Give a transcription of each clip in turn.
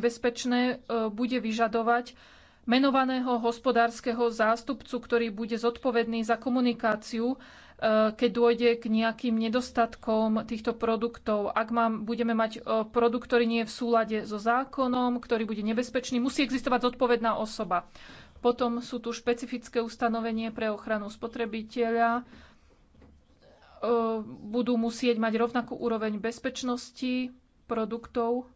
bezpečné e, bude vyžadovať menovaného hospodárskeho zástupcu, ktorý bude zodpovedný za komunikáciu, e, keď dôjde k nejakým nedostatkom týchto produktov. Ak mám, budeme mať e, produkt, ktorý nie je v súlade so zákonom, ktorý bude nebezpečný, musí existovať zodpovedná osoba. Potom sú tu špecifické ustanovenie pre ochranu spotrebiteľa. Budú musieť mať rovnakú úroveň bezpečnosti produktov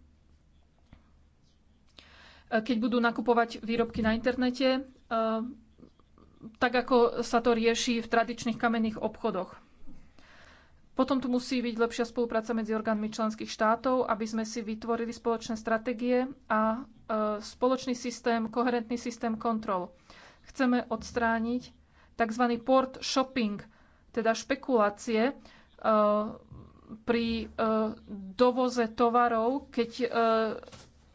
E, keď budú nakupovať výrobky na internete, e, tak ako sa to rieši v tradičných kamenných obchodoch. Potom tu musí byť lepšia spolupráca medzi orgánmi členských štátov, aby sme si vytvorili spoločné stratégie a e, spoločný systém, koherentný systém kontrol. Chceme odstrániť tzv. port shopping, teda špekulácie pri dovoze tovarov, keď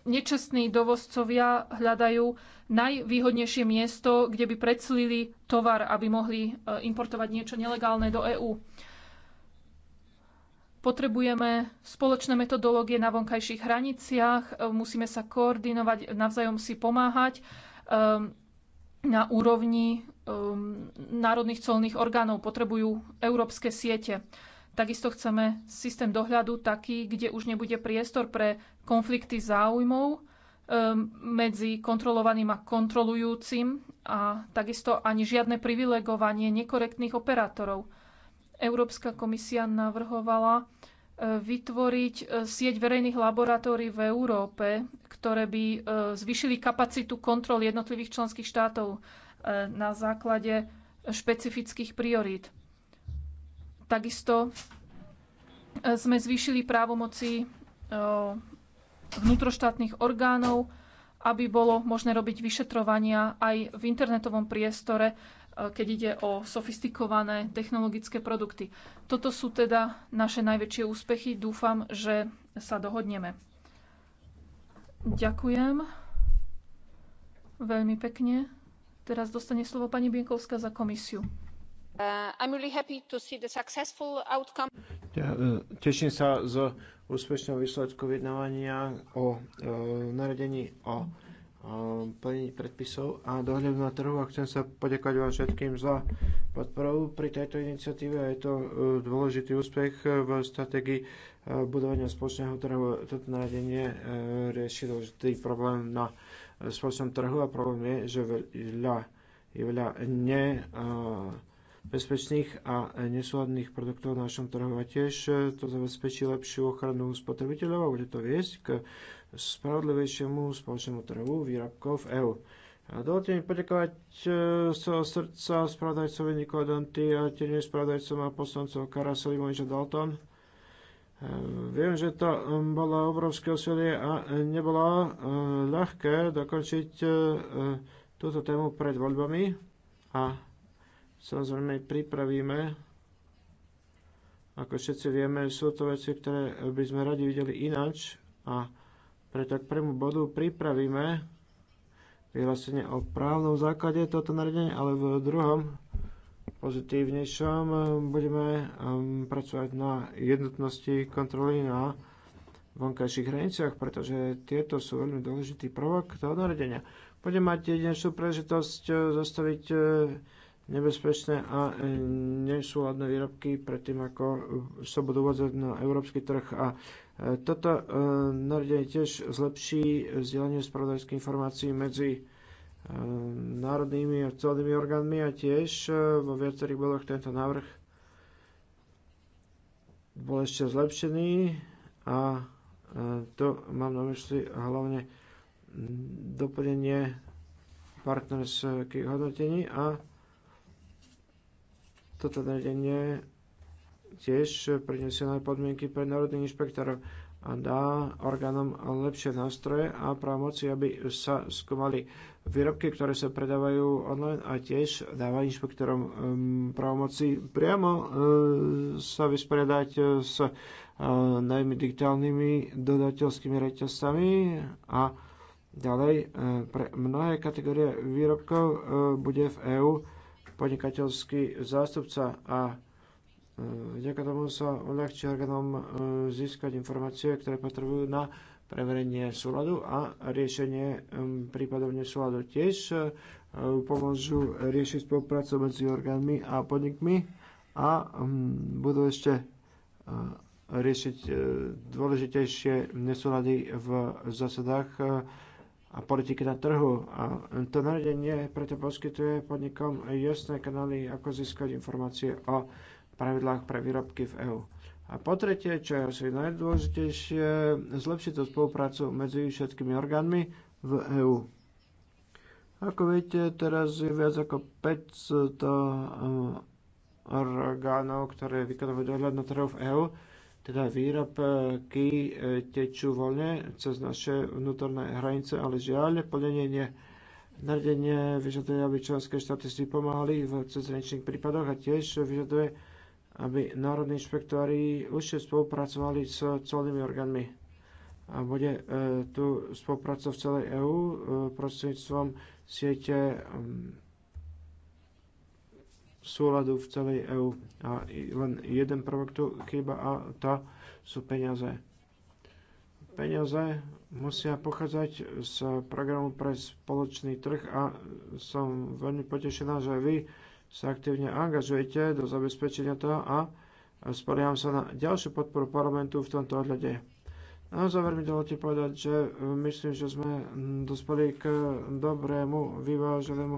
nečestní dovozcovia hľadajú najvýhodnejšie miesto, kde by predslili tovar, aby mohli e, importovať niečo nelegálne do EÚ. Potrebujeme spoločné metodológie na vonkajších hraniciach, e, musíme sa koordinovať, navzájom si pomáhať e, na úrovni národných colných orgánov. Potrebujú európske siete. Takisto chceme systém dohľadu taký, kde už nebude priestor pre konflikty záujmov um, medzi kontrolovaným a kontrolujúcim a takisto ani žiadne privilegovanie nekorektných operátorov. Európska komisia navrhovala uh, vytvoriť uh, sieť verejných laboratórií v Európe, ktoré by uh, zvyšili kapacitu kontrol jednotlivých členských štátov na základe špecifických priorít. Takisto e, sme zvýšili právomoci e, vnútroštátnych orgánov, aby bolo možné robiť vyšetrovania aj v internetovom priestore, e, keď ide o sofistikované technologické produkty. Toto sú teda naše najväčšie úspechy. Dúfam, že sa dohodneme. Ďakujem veľmi pekne. Teraz dostane slovo pani Bienkovská za komisiu. Uh, uh, teším sa z úspešného výsledku vyjednávania o uh, naredení o plnení predpisov a dohľadu na trhu a chcem sa poďakovať vám všetkým za podporu pri tejto iniciatíve a je to dôležitý úspech v stratégii budovania spoločného trhu. Toto naredenie rieši dôležitý problém na spoločnom trhu a problém je, že veľa, je veľa ne bezpečných a nesúladných produktov na našom trhu a tiež e, to zabezpečí lepšiu ochranu spotrebiteľov a bude to viesť k spravodlivejšiemu spoločnému trhu výrobkov v EÚ. Dovolte mi poďakovať e, z celého srdca spravodajcovi Nikola Danty a tiež spravodajcom a poslancov Kara Moniča Dalton. E, viem, že to bolo obrovské osilie a nebolo ľahké dokončiť túto tému pred voľbami a samozrejme pripravíme. Ako všetci vieme, sú to veci, ktoré by sme radi videli inač a preto k prvému bodu pripravíme vyhlásenie o právnom základe toto nariadenie, ale v druhom pozitívnejšom budeme um, pracovať na jednotnosti kontroly na vonkajších hraniciach, pretože tieto sú veľmi dôležitý prvok toho nariadenia. Budem mať jedinečnú príležitosť uh, zostaviť uh, nebezpečné a e, nesúladné výrobky predtým, ako sa budú uvádzať na európsky trh. A e, toto e, nariadenie tiež zlepší vzdielanie spravodajských informácií medzi národnými a celnými orgánmi a tiež vo viacerých bodoch tento návrh bol ešte zlepšený a to mám na mysli hlavne doplnenie partnerských hodnotení a toto nariadenie tiež prinesie nové podmienky pre národných inšpektorov a dá orgánom lepšie nástroje a právomoci, aby sa skúmali výrobky, ktoré sa predávajú online a tiež dáva inšpektorom um, právomoci priamo uh, sa vysporiadať uh, s uh, najmä digitálnymi dodateľskými reťazcami a ďalej pre mnohé kategórie výrobkov bude v EÚ podnikateľský zástupca a e, vďaka tomu sa uľahčí orgánom e, získať informácie, ktoré potrebujú na preverenie súladu a riešenie prípadov nesúladu. Tiež e, pomôžu riešiť spoluprácu medzi orgánmi a podnikmi a budú ešte riešiť dôležitejšie nesúlady v zásadách a politiky na trhu. A to nariadenie preto poskytuje podnikom jasné kanály, ako získať informácie o pravidlách pre výrobky v EÚ. A po tretie, čo je asi najdôležitejšie, zlepšiť tú spoluprácu medzi všetkými orgánmi v EÚ. Ako viete, teraz je viac ako 500 eh, orgánov, ktoré vykonávajú dohľad na trhu v EÚ teda výrobky e, tečú voľne cez naše vnútorné hranice, ale žiaľ, plnenie nie. Nariadenie vyžaduje, aby členské štáty si pomáhali v cezhraničných prípadoch a tiež vyžaduje, aby národní inšpektori užšie spolupracovali s celnými orgánmi. A bude e, tu spolupráca v celej EÚ e, prostredníctvom siete súladu v celej EÚ. A len jeden prvok tu chýba a to sú peniaze. Peniaze musia pochádzať z programu pre spoločný trh a som veľmi potešená, že vy sa aktívne angažujete do zabezpečenia toho a spolieham sa na ďalšiu podporu parlamentu v tomto ohľade. Na záver mi dovolte povedať, že myslím, že sme dospeli k dobrému, vyváženému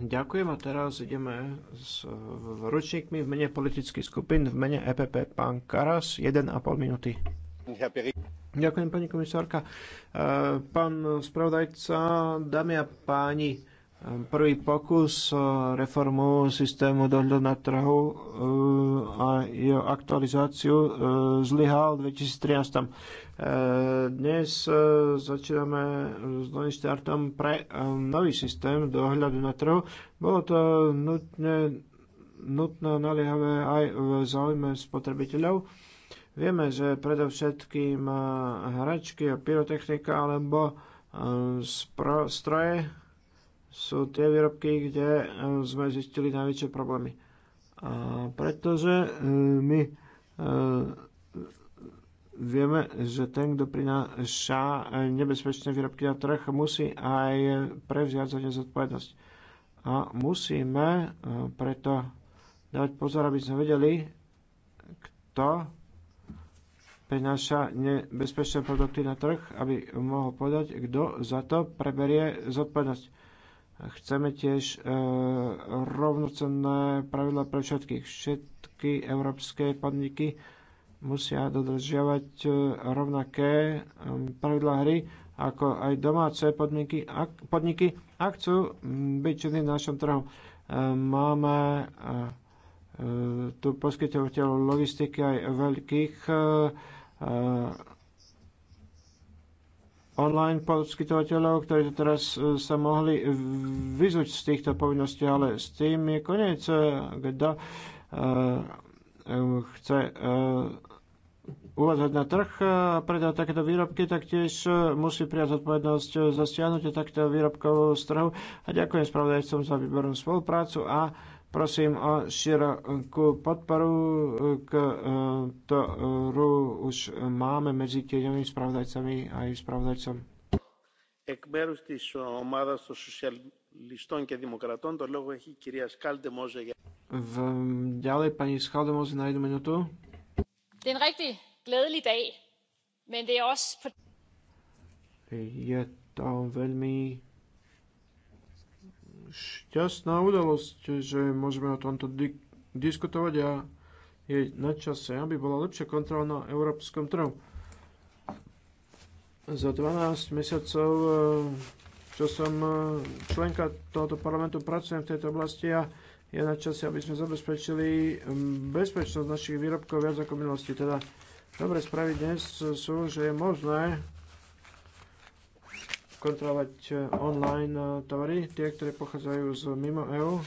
Ďakujem a teraz ideme s ručníkmi v mene politických skupín, v mene EPP pán Karas, 1,5 minúty. Ďakujem pani komisárka. E, pán spravodajca, dámy a páni, e, prvý pokus o e, reformu systému dohľadu na trhu a jeho aktualizáciu zlyhal v 2013. Dnes e, začíname s novým štartom pre e, nový systém dohľadu na trhu. Bolo to nutne, nutno naliehavé aj v záujme spotrebiteľov. Vieme, že predovšetkým e, hračky a pyrotechnika alebo stroje sú tie výrobky, kde sme zistili najväčšie problémy. A pretože my vieme, že ten, kto prináša nebezpečné výrobky na trh, musí aj prevziať za ne zodpovednosť. A musíme e, preto dať pozor, aby sme vedeli, kto prináša nebezpečné produkty na trh, aby mohol povedať, kto za to preberie zodpovednosť. Chceme tiež e, rovnocenné pravidla pre všetkých. Všetky európske podniky musia dodržiavať e, rovnaké pravidlá hry ako aj domáce podniky, ak, podniky ak chcú byť činní na našom trhu. E, máme e, tu poskytovateľov logistiky aj veľkých online poskytovateľov, ktorí to teraz sa mohli vyzuť z týchto povinností, ale s tým je koniec. Kto chce uvádzať na trh a predávať takéto výrobky, tak tiež e, musí prijať zodpovednosť e, za stiahnutie takýchto výrobkov z trhu. A ďakujem spravodajcom za výbornú spoluprácu a prosím o širokú podporu, e, ktorú už máme medzi tieňovými spravodajcami a aj spravodajcom. Εκ μέρου τη ομάδα των Σοσιαλιστών και Δημοκρατών, το λόγο έχει η κυρία Σκάλτε Μόζε. Βγάλε, Ďalej pani Schaldemose na jednu minútu. Την ρέκτη glædelig dag, men det er også på... Je to veľmi šťastná udalosť, že môžeme o tomto di- diskutovať a je na čase, aby bola lepšia kontrola na európskom trhu. Za 12 mesiacov, eh, čo som eh, členka tohoto parlamentu, pracujem v tejto oblasti a je na čase, aby sme zabezpečili mm, bezpečnosť našich výrobkov viac ako v minulosti. Teda dobre správy dnes sú, že je možné kontrolovať e, online e, tovary, tie, ktoré pochádzajú z mimo EU.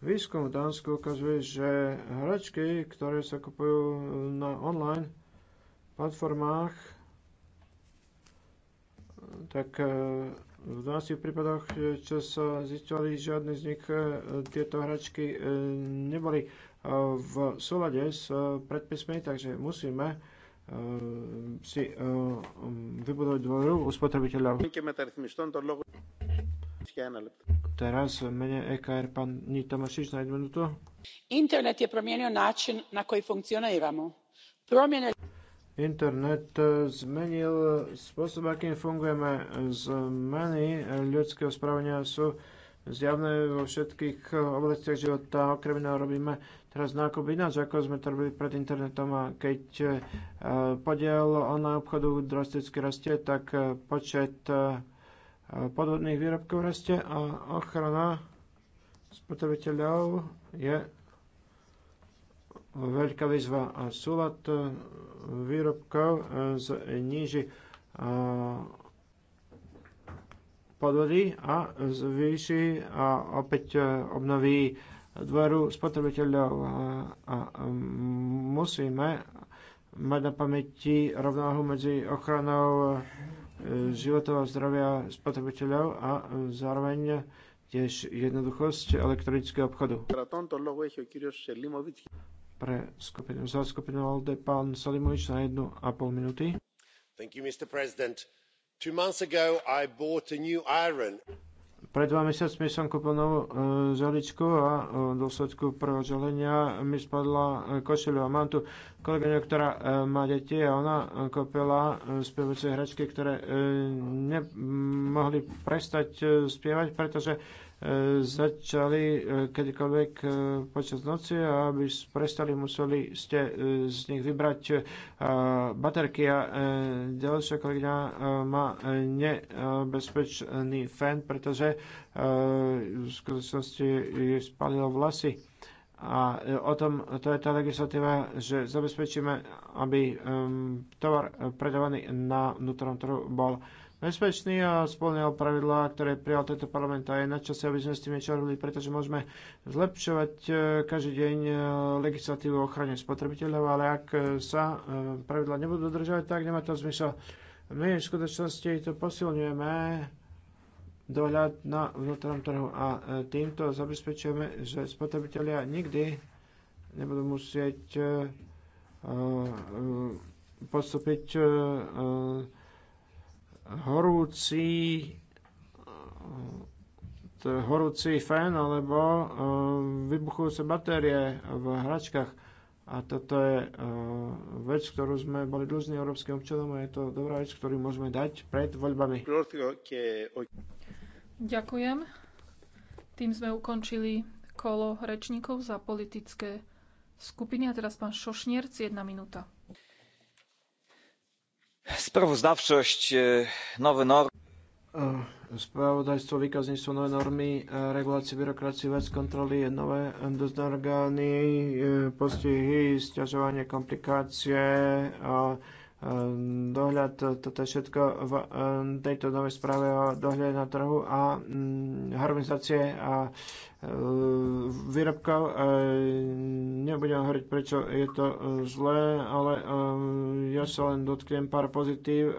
Výskum v Dánsku ukazuje, že hračky, ktoré sa kupujú e, na online platformách, tak v 12 prípadoch, čo sa zistovali, žiadne z nich tieto hračky neboli v súlade s eh, predpismi, takže musíme eh, si eh, mm, vybudovať dôveru u spotrebiteľov. Teraz mene EKR pán Ni Tomašić na jednu minútu. Internet je promienil náčin, na koji funkcioniramo. Promjene Internet zmenil spôsob, akým fungujeme. Zmeny ľudského správania sú zjavné vo všetkých eh, oblastiach života. Okrem iného robíme teraz nákup ináč, ako sme to robili pred internetom a keď eh, podiel online obchodu drasticky rastie, tak eh, počet podvodných výrobkov rastie a ochrana spotrebiteľov je veľká výzva a súlad výrobkov zniží podvody a zvýši a opäť e, obnoví dvoru spotrebiteľov e, a e, musíme mať na pamäti rovnováhu medzi ochranou životov a zdravia spotrebiteľov a zároveň tiež jednoduchosť elektronického obchodu. Pre skupinu, za skupinu Alde pán Salimovič na jednu a pol minúty. Thank you, Mr. President. Two months ago I bought a new iron. Pred dva mesiacmi som kúpil novú e, žaličku a e, v dôsledku prvého želenia mi spadla e, košeľu a mám tu kolegyňu, ktorá e, má deti a ona e, kúpila e, spievacie hračky, ktoré e, nemohli prestať e, spievať, pretože e, začali eh, kedykoľvek eh, počas noci a aby prestali, museli ste eh, z nich vybrať baterky a ďalšia kolegyňa má nebezpečný fén, pretože v skutočnosti spalilo vlasy. A o tom to je tá legislatíva, že zabezpečíme, aby ehm, tovar predávaný na vnútornom trhu bol bezpečný a splnil pravidlá, ktoré prijal tento parlament a je na čase, aby sme s tým niečo robili, pretože môžeme zlepšovať e, každý deň e, legislatívu o ochrane spotrebiteľov, ale ak e, sa pravidlá nebudú dodržovať, tak nemá to zmysel. My v skutočnosti to posilňujeme dohľad na vnútornom trhu a týmto zabezpečujeme, že spotrebitelia nikdy nebudú musieť postúpiť horúci eh, horúci fén alebo eh, vybuchujúce batérie v hračkách. A toto je eh, vec, ktorú sme boli dlžní európskym občanom a je to dobrá vec, ktorú môžeme dať pred voľbami. Ďakujem. Tým sme ukončili kolo rečníkov za politické skupiny. A teraz pán Šošnierc, jedna minúta. Sprawozdawczość, e, nowe normy. E, Spravodajstvo, výkazníctvo, nové normy, e, regulácie byrokracie, bez kontroly, nové dozorné orgány, postihy, stiažovanie, komplikácie, a dohľad, toto všetko v eh, tejto novej správe o dohľade na trhu a mm, harmonizácie a eh, výrobkov. Eh, nebudem hovoriť, prečo je to zlé, ale ja sa len dotknem pár pozitív,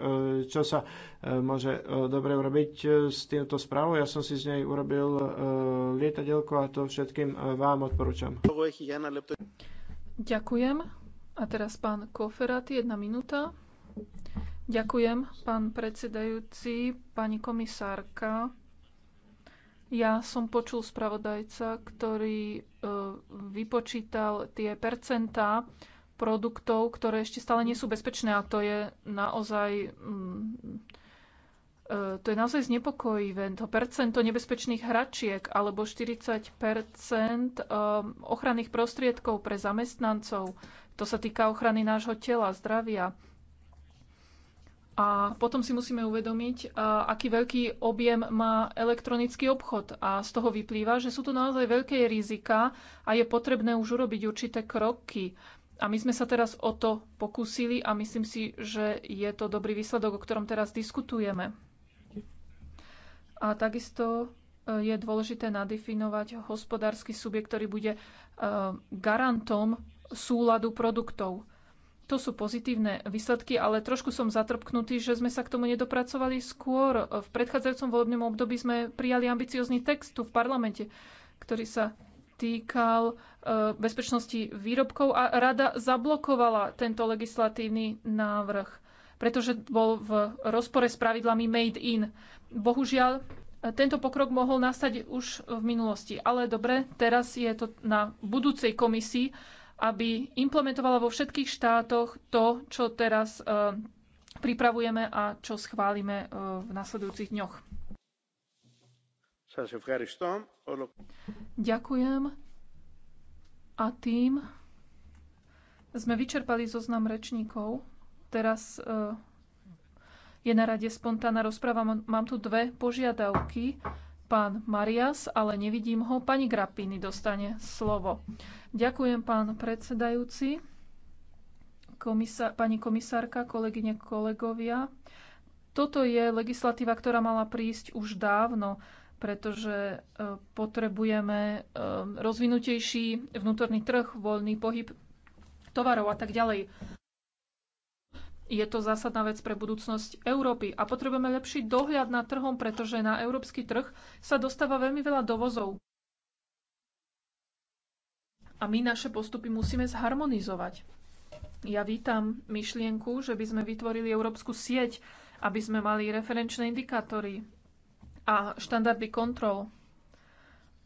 čo sa môže dobre urobiť s týmto správou. Ja som si z nej urobil lietadielko a to všetkým vám odporúčam. Ďakujem. A teraz pán Koferat, jedna minúta. Ďakujem, pán predsedajúci, pani komisárka. Ja som počul spravodajca, ktorý e, vypočítal tie percentá produktov, ktoré ešte stále nie sú bezpečné a to je naozaj mm, e, to je naozaj znepokojivé. To percento nebezpečných hračiek alebo 40 e, ochranných prostriedkov pre zamestnancov to sa týka ochrany nášho tela, zdravia. A potom si musíme uvedomiť, aký veľký objem má elektronický obchod. A z toho vyplýva, že sú tu naozaj veľké rizika a je potrebné už urobiť určité kroky. A my sme sa teraz o to pokúsili a myslím si, že je to dobrý výsledok, o ktorom teraz diskutujeme. A takisto e, je dôležité nadefinovať hospodársky subjekt, ktorý bude e, garantom súladu produktov. To sú pozitívne výsledky, ale trošku som zatrpknutý, že sme sa k tomu nedopracovali skôr. V predchádzajúcom volebnom období sme prijali ambiciózny text tu v parlamente, ktorý sa týkal e, bezpečnosti výrobkov a rada zablokovala tento legislatívny návrh, pretože bol v rozpore s pravidlami Made in. Bohužiaľ, tento pokrok mohol nastať už v minulosti, ale dobre, teraz je to na budúcej komisii, aby implementovala vo všetkých štátoch to, čo teraz e, pripravujeme a čo schválime e, v nasledujúcich dňoch. Ďakujem. A tým sme vyčerpali zoznam rečníkov. Teraz e, je na rade spontánna rozpráva. Mám tu dve požiadavky pán Marias, ale nevidím ho. Pani Grappini dostane slovo. Ďakujem, pán predsedajúci, komisa- pani komisárka, kolegyne, kolegovia. Toto je legislatíva, ktorá mala prísť už dávno pretože e, potrebujeme e, rozvinutejší vnútorný trh, voľný pohyb tovarov a tak ďalej. Je to zásadná vec pre budúcnosť Európy a potrebujeme lepší dohľad nad trhom, pretože na európsky trh sa dostáva veľmi veľa dovozov. A my naše postupy musíme zharmonizovať. Ja vítam myšlienku, že by sme vytvorili európsku sieť, aby sme mali referenčné indikátory a štandardy kontrol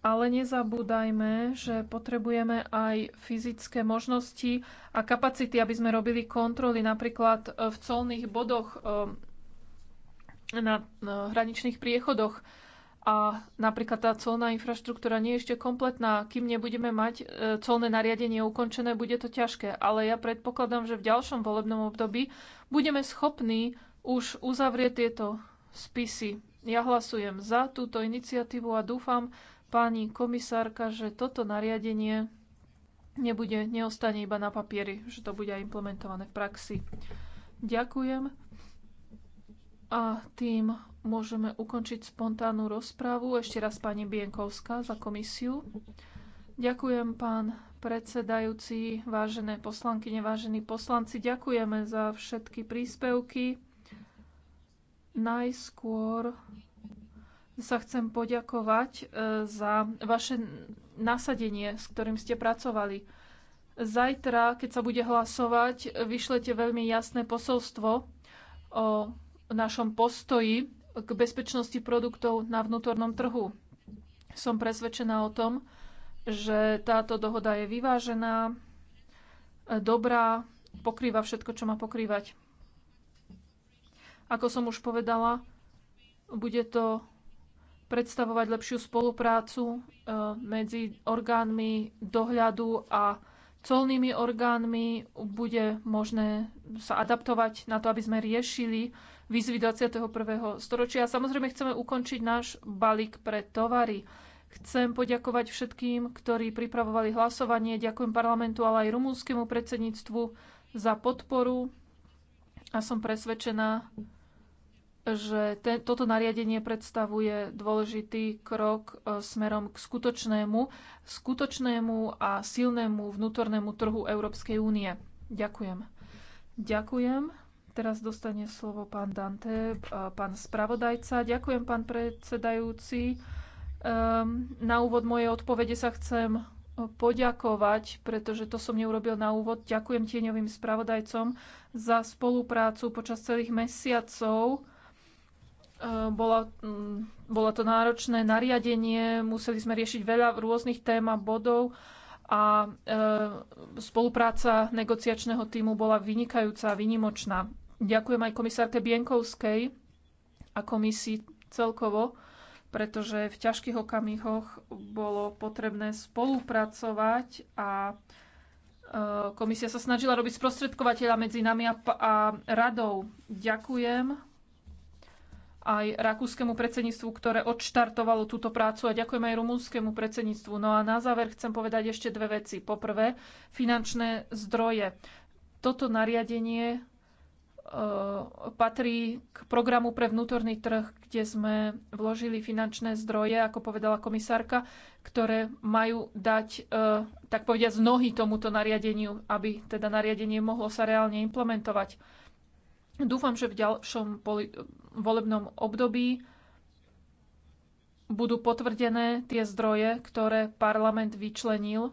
ale nezabúdajme, že potrebujeme aj fyzické možnosti a kapacity, aby sme robili kontroly napríklad e, v colných bodoch e, na hraničných priechodoch. A napríklad tá colná infraštruktúra nie je ešte kompletná. Kým nebudeme mať e, colné nariadenie ukončené, bude to ťažké. Ale ja predpokladám, že v ďalšom volebnom období budeme schopní už uzavrieť tieto spisy. Ja hlasujem za túto iniciatívu a dúfam, pani komisárka, že toto nariadenie nebude, neostane iba na papieri, že to bude aj implementované v praxi. Ďakujem. A tým môžeme ukončiť spontánnu rozprávu. Ešte raz pani Bienkovská za komisiu. Ďakujem, pán predsedajúci, vážené poslanky, vážení poslanci. Ďakujeme za všetky príspevky. Najskôr sa chcem poďakovať e, za vaše nasadenie, s ktorým ste pracovali. Zajtra, keď sa bude hlasovať, vyšlete veľmi jasné posolstvo o našom postoji k bezpečnosti produktov na vnútornom trhu. Som presvedčená o tom, že táto dohoda je vyvážená, dobrá, pokrýva všetko, čo má pokrývať. Ako som už povedala, bude to predstavovať lepšiu spoluprácu e, medzi orgánmi dohľadu a colnými orgánmi. Bude možné sa adaptovať na to, aby sme riešili výzvy 21. storočia. A Samozrejme, chceme ukončiť náš balík pre tovary. Chcem poďakovať všetkým, ktorí pripravovali hlasovanie. Ďakujem parlamentu, ale aj rumúnskému predsedníctvu za podporu a som presvedčená, že te, toto nariadenie predstavuje dôležitý krok e, smerom k skutočnému, skutočnému a silnému vnútornému trhu Európskej únie. Ďakujem. Ďakujem. Teraz dostane slovo pán Dante, e, pán spravodajca. Ďakujem, pán predsedajúci. E, na úvod mojej odpovede sa chcem poďakovať, pretože to som neurobil na úvod. Ďakujem tieňovým spravodajcom za spoluprácu počas celých mesiacov Ehm, bola, mm, bola to náročné nariadenie, museli sme riešiť veľa rôznych tém a bodov a ehm, spolupráca negociačného týmu bola vynikajúca a vynimočná. Ďakujem aj komisárke Bienkovskej a komisii celkovo, pretože v ťažkých okamihoch bolo potrebné spolupracovať a ehm, komisia sa snažila robiť sprostredkovateľa medzi nami a, a radou. Ďakujem aj rakúskému predsedníctvu, ktoré odštartovalo túto prácu a ďakujem aj rumúnskému predsedníctvu. No a na záver chcem povedať ešte dve veci. Poprvé, finančné zdroje. Toto nariadenie e, patrí k programu pre vnútorný trh, kde sme vložili finančné zdroje, ako povedala komisárka, ktoré majú dať, e, tak povediať, z nohy tomuto nariadeniu, aby teda nariadenie mohlo sa reálne implementovať. Dúfam, že v ďalšom volebnom období budú potvrdené tie zdroje, ktoré parlament vyčlenil eh,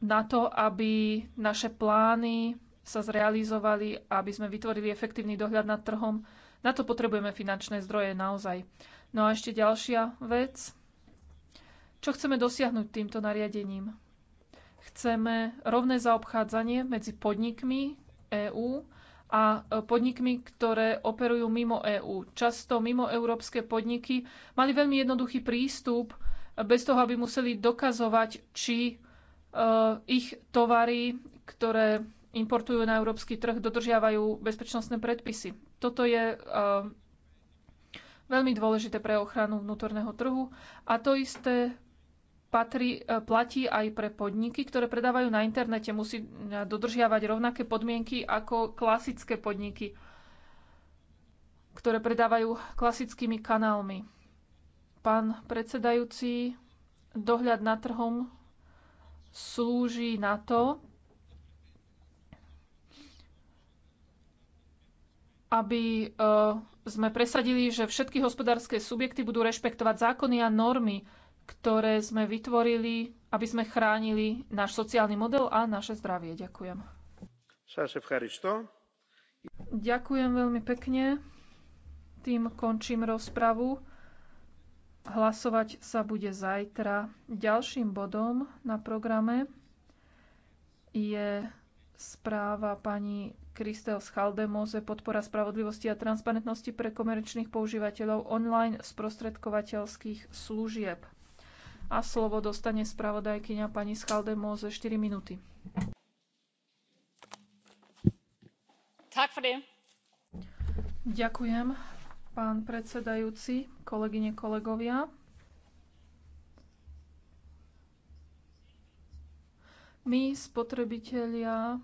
na to, aby naše plány sa zrealizovali, aby sme vytvorili efektívny dohľad nad trhom. Na to potrebujeme finančné zdroje naozaj. No a ešte ďalšia vec. Čo chceme dosiahnuť týmto nariadením? Chceme rovné zaobchádzanie medzi podnikmi, EÚ a e, podnikmi, ktoré operujú mimo EÚ. Často mimo európske podniky mali veľmi jednoduchý prístup, e, bez toho, aby museli dokazovať, či e, ich tovary, ktoré importujú na európsky trh, dodržiavajú bezpečnostné predpisy. Toto je veľmi dôležité pre ochranu vnútorného trhu a to isté patrí, e, platí aj pre podniky, ktoré predávajú na internete. Musí e, dodržiavať rovnaké podmienky ako klasické podniky, ktoré predávajú klasickými kanálmi. Pán predsedajúci, dohľad na trhom slúži na to, aby e, sme presadili, že všetky hospodárske subjekty budú rešpektovať zákony a normy ktoré sme vytvorili, aby sme chránili náš sociálny model a naše zdravie. Ďakujem. Ďakujem veľmi pekne. Tým končím rozpravu. Hlasovať sa bude zajtra. Ďalším bodom na programe je správa pani Kristel Schaldemose podpora spravodlivosti a transparentnosti pre komerčných používateľov online sprostredkovateľských služieb. A slovo dostane spravodajkyňa pani schaldemo ze 4 minúty. Ďakujem, pán predsedajúci, kolegyne, kolegovia. My, spotrebitelia,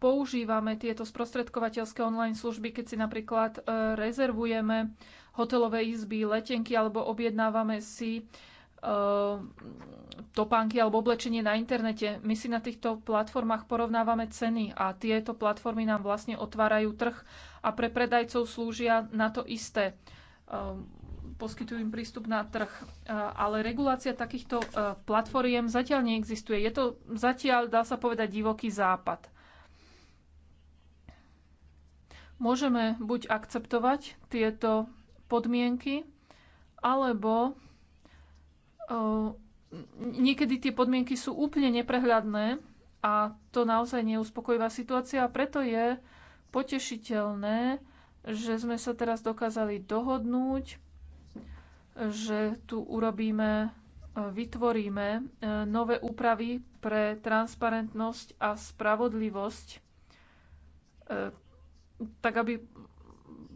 používame tieto sprostredkovateľské online služby, keď si napríklad e, rezervujeme hotelové izby, letenky alebo objednávame si eh, topánky alebo oblečenie na internete. My si na týchto platformách porovnávame ceny a tieto platformy nám vlastne otvárajú trh a pre predajcov slúžia na to isté. Eh, poskytujú im prístup na trh. Eh, ale regulácia takýchto platformiem zatiaľ neexistuje. Je to zatiaľ, dá sa povedať, divoký západ. Môžeme buď akceptovať tieto podmienky, alebo niekedy tie podmienky sú úplne neprehľadné a to naozaj neuspokojivá situácia a preto je potešiteľné, že sme sa teraz dokázali dohodnúť, že tu urobíme, e, vytvoríme e, nové úpravy pre transparentnosť a spravodlivosť, e, tak aby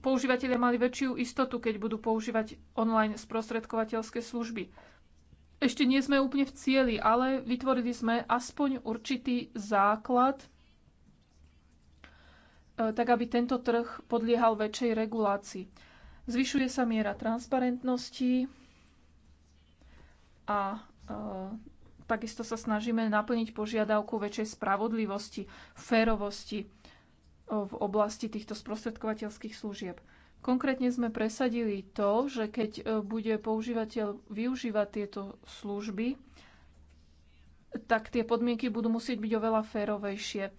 používateľia mali väčšiu istotu, keď budú používať online sprostredkovateľské služby. Ešte nie sme úplne v cieli, ale vytvorili sme aspoň určitý základ, e, tak aby tento trh podliehal väčšej regulácii. Zvyšuje sa miera transparentnosti a e, takisto sa snažíme naplniť požiadavku väčšej spravodlivosti, férovosti v oblasti týchto sprostredkovateľských služieb. Konkrétne sme presadili to, že keď e, bude používateľ využívať tieto služby, tak tie podmienky budú musieť byť oveľa férovejšie e,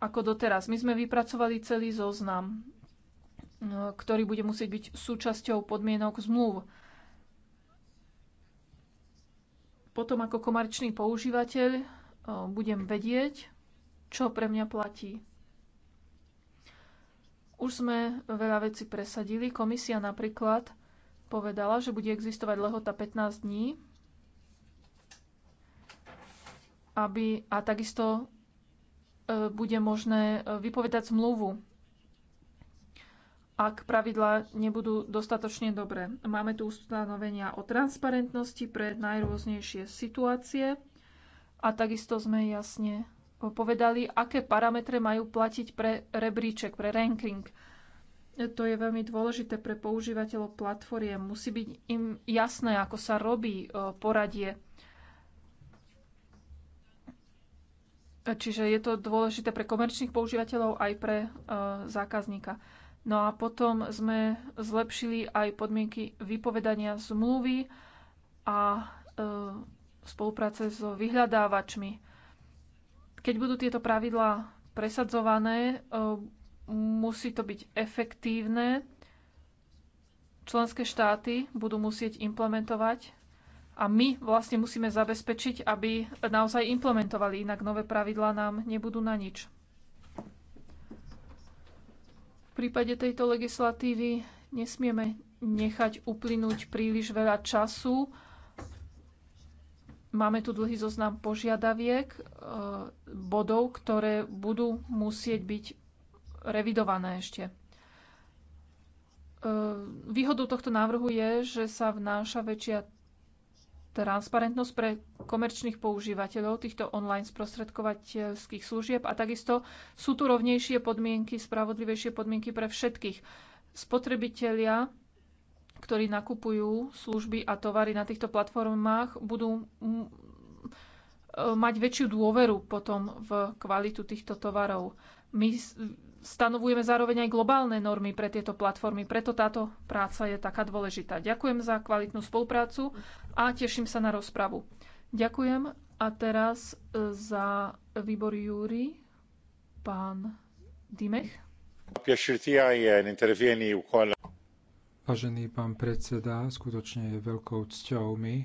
ako doteraz. My sme vypracovali celý zoznam, e, ktorý bude musieť byť súčasťou podmienok zmluv. Potom ako komerčný používateľ budem vedieť, čo pre mňa platí. Už sme veľa vecí presadili. Komisia napríklad povedala, že bude existovať lehota 15 dní, aby, a takisto e, bude možné e, vypovedať zmluvu, ak pravidlá nebudú dostatočne dobré. Máme tu ustanovenia o transparentnosti pre najrôznejšie situácie a takisto sme jasne povedali, aké parametre majú platiť pre rebríček, pre ranking. To je veľmi dôležité pre používateľov platformie. Musí byť im jasné, ako sa robí e, poradie. Čiže je to dôležité pre komerčných používateľov aj pre e, zákazníka. No a potom sme zlepšili aj podmienky vypovedania zmluvy a e, spolupráce so vyhľadávačmi. Keď budú tieto pravidlá presadzované, e, musí to byť efektívne. Členské štáty budú musieť implementovať a my vlastne musíme zabezpečiť, aby naozaj implementovali, inak nové pravidlá nám nebudú na nič. V prípade tejto legislatívy nesmieme nechať uplynúť príliš veľa času Máme tu dlhý zoznam požiadaviek, e, bodov, ktoré budú musieť byť revidované ešte. E, výhodou tohto návrhu je, že sa vnáša väčšia transparentnosť pre komerčných používateľov týchto online sprostredkovateľských služieb a takisto sú tu rovnejšie podmienky, spravodlivejšie podmienky pre všetkých. Spotrebitelia ktorí nakupujú služby a tovary na týchto platformách, budú mať väčšiu dôveru potom v kvalitu týchto tovarov. My stanovujeme zároveň aj globálne normy pre tieto platformy, preto táto práca je taká dôležitá. Ďakujem za kvalitnú spoluprácu a teším sa na rozpravu. Ďakujem a teraz e, za výbor Júri pán Dimech. Vážený pán predseda, skutočne je veľkou cťou mi,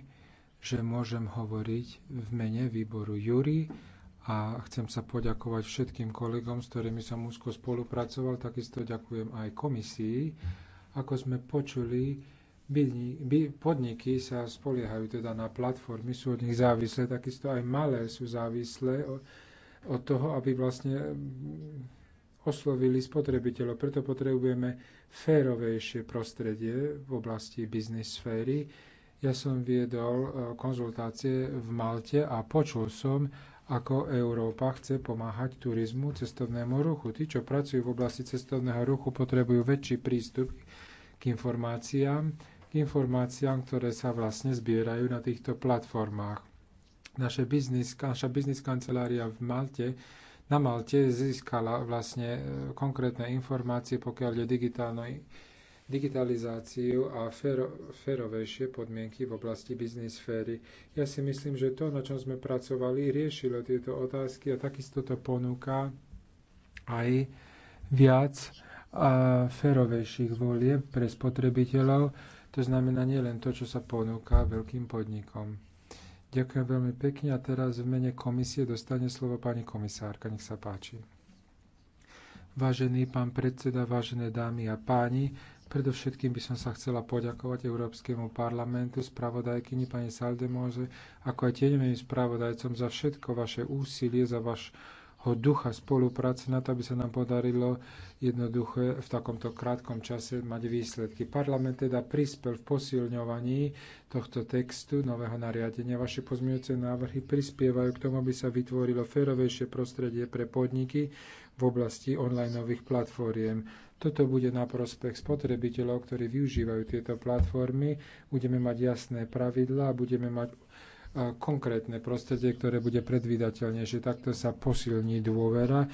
že môžem hovoriť v mene výboru Jury a chcem sa poďakovať všetkým kolegom, s ktorými som úzko spolupracoval. Takisto ďakujem aj komisii. Ako sme počuli, podniky sa spoliehajú teda na platformy, sú od nich závislé, takisto aj malé sú závislé od toho, aby vlastne oslovili spotrebiteľov. Preto potrebujeme férovejšie prostredie v oblasti biznis sféry. Ja som viedol e, konzultácie v Malte a počul som, ako Európa chce pomáhať turizmu, cestovnému ruchu. Tí, čo pracujú v oblasti cestovného ruchu, potrebujú väčší prístup k informáciám, k informáciám, ktoré sa vlastne zbierajú na týchto platformách. Naše biznis, naša biznis kancelária v Malte na Malte získala vlastne e, konkrétne informácie, pokiaľ je digitalizáciu a férovejšie podmienky v oblasti biznis sféry. Ja si myslím, že to, na čom sme pracovali, riešilo tieto otázky a takisto to ponúka aj viac a e, férovejších volieb pre spotrebiteľov, to znamená nielen to, čo sa ponúka veľkým podnikom. Ďakujem veľmi pekne a teraz v mene komisie dostane slovo pani komisárka. Nech sa páči. Vážený pán predseda, vážené dámy a páni, Predovšetkým by som sa chcela poďakovať Európskemu parlamentu, spravodajkyni pani Saldemóze, ako aj tieňovým spravodajcom za všetko vaše úsilie, za vaš ducha spolupráce na to, aby sa nám podarilo jednoduché v takomto krátkom čase mať výsledky. Parlament teda prispel v posilňovaní tohto textu nového nariadenia. Vaše pozmeňujúce návrhy prispievajú k tomu, aby sa vytvorilo férovejšie prostredie pre podniky v oblasti onlineových platformiem. Toto bude na prospech spotrebiteľov, ktorí využívajú tieto platformy. Budeme mať jasné pravidlá, budeme mať konkrétne prostredie, ktoré bude predvídateľnejšie. Takto sa posilní dôvera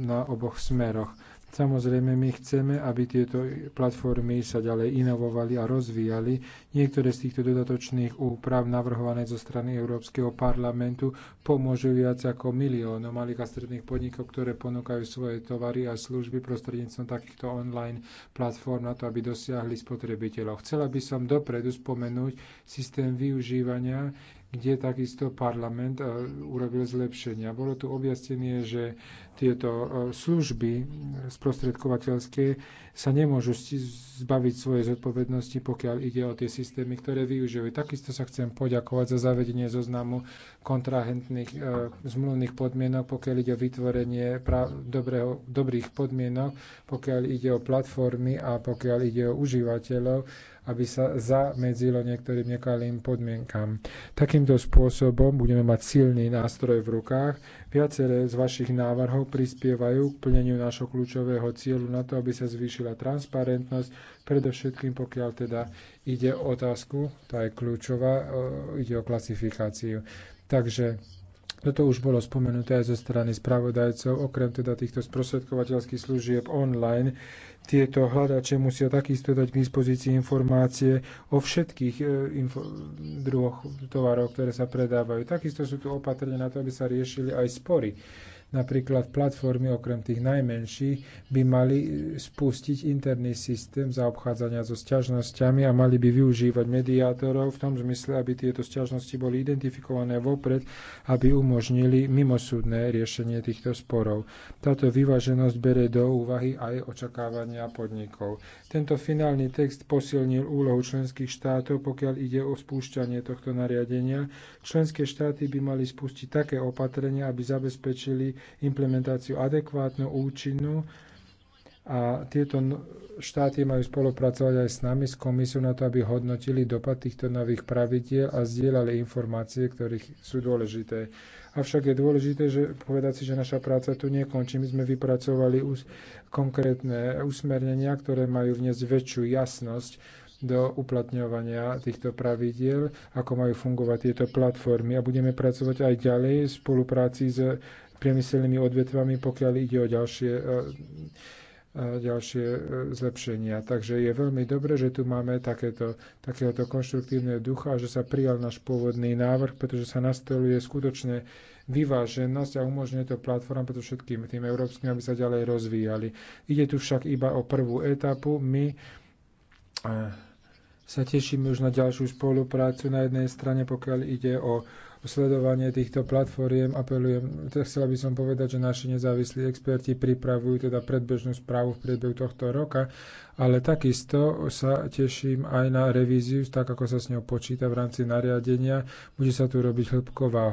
na oboch smeroch. Samozrejme, my chceme, aby tieto platformy sa ďalej inovovali a rozvíjali. Niektoré z týchto dodatočných úprav navrhované zo strany Európskeho parlamentu pomôžu viac ako miliónom malých a stredných podnikov, ktoré ponúkajú svoje tovary a služby prostredníctvom takýchto online platform na to, aby dosiahli spotrebiteľov. Chcela by som dopredu spomenúť systém využívania kde takisto parlament e, urobil zlepšenia. Bolo tu objasnenie, že tieto e, služby sprostredkovateľské sa nemôžu zbaviť svojej zodpovednosti, pokiaľ ide o tie systémy, ktoré využívajú. Takisto sa chcem poďakovať za zavedenie zoznamu kontrahentných e, zmluvných podmienok, pokiaľ ide o vytvorenie dobrého, dobrých podmienok, pokiaľ ide o platformy a pokiaľ ide o užívateľov aby sa zamedzilo niektorým nekalým podmienkam. Takýmto spôsobom budeme mať silný nástroj v rukách. Viaceré z vašich návrhov prispievajú k plneniu nášho kľúčového cieľu na to, aby sa zvýšila transparentnosť, predovšetkým pokiaľ teda ide o otázku, tá je kľúčová, e, ide o klasifikáciu. Takže toto už bolo spomenuté aj zo strany spravodajcov, okrem teda týchto sprostredkovateľských služieb online tieto hľadače musia takisto dať k dispozícii informácie o všetkých e, info, druhoch tovarov, ktoré sa predávajú. Takisto sú tu opatrenia na to, aby sa riešili aj spory Napríklad platformy okrem tých najmenších by mali spustiť interný systém zaobchádzania so sťažnosťami a mali by využívať mediátorov v tom zmysle, aby tieto sťažnosti boli identifikované vopred, aby umožnili mimosúdne riešenie týchto sporov. Táto vyváženosť bere do úvahy aj očakávania podnikov. Tento finálny text posilnil úlohu členských štátov, pokiaľ ide o spúšťanie tohto nariadenia. Členské štáty by mali spustiť také opatrenia, aby zabezpečili implementáciu adekvátnu, účinnú a tieto štáty majú spolupracovať aj s nami, s komisiou na to, aby hodnotili dopad týchto nových pravidiel a zdieľali informácie, ktoré sú dôležité. Avšak je dôležité že povedať si, že naša práca tu nekončí. My sme vypracovali us- konkrétne usmernenia, ktoré majú vniesť väčšiu jasnosť do uplatňovania týchto pravidiel, ako majú fungovať tieto platformy. A budeme pracovať aj ďalej v spolupráci s priemyselnými odvetvami, pokiaľ ide o ďalšie e, e, ďalšie e, zlepšenia. Takže je veľmi dobré, že tu máme takéto, takéhoto konštruktívneho ducha, že sa prijal náš pôvodný návrh, pretože sa nastoluje skutočne vyváženosť a umožňuje to platformám, preto všetkým tým európskym, aby sa ďalej rozvíjali. Ide tu však iba o prvú etapu. My sa tešíme už na ďalšiu spoluprácu na jednej strane, pokiaľ ide o sledovanie týchto platformiem apelujem, teda chcela by som povedať, že naši nezávislí experti pripravujú teda predbežnú správu v priebehu tohto roka ale takisto sa teším aj na revíziu, tak ako sa s ňou počíta v rámci nariadenia. Bude sa tu robiť hĺbková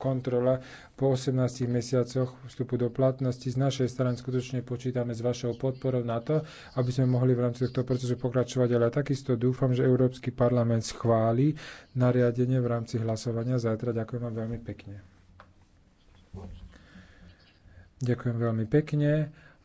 kontrola po 18 mesiacoch vstupu do platnosti. Z našej strany skutočne počítame s vašou podporou na to, aby sme mohli v rámci tohto procesu pokračovať, ale takisto dúfam, že Európsky parlament schváli nariadenie v rámci hlasovania zajtra. Ďakujem vám veľmi pekne. Ďakujem veľmi pekne.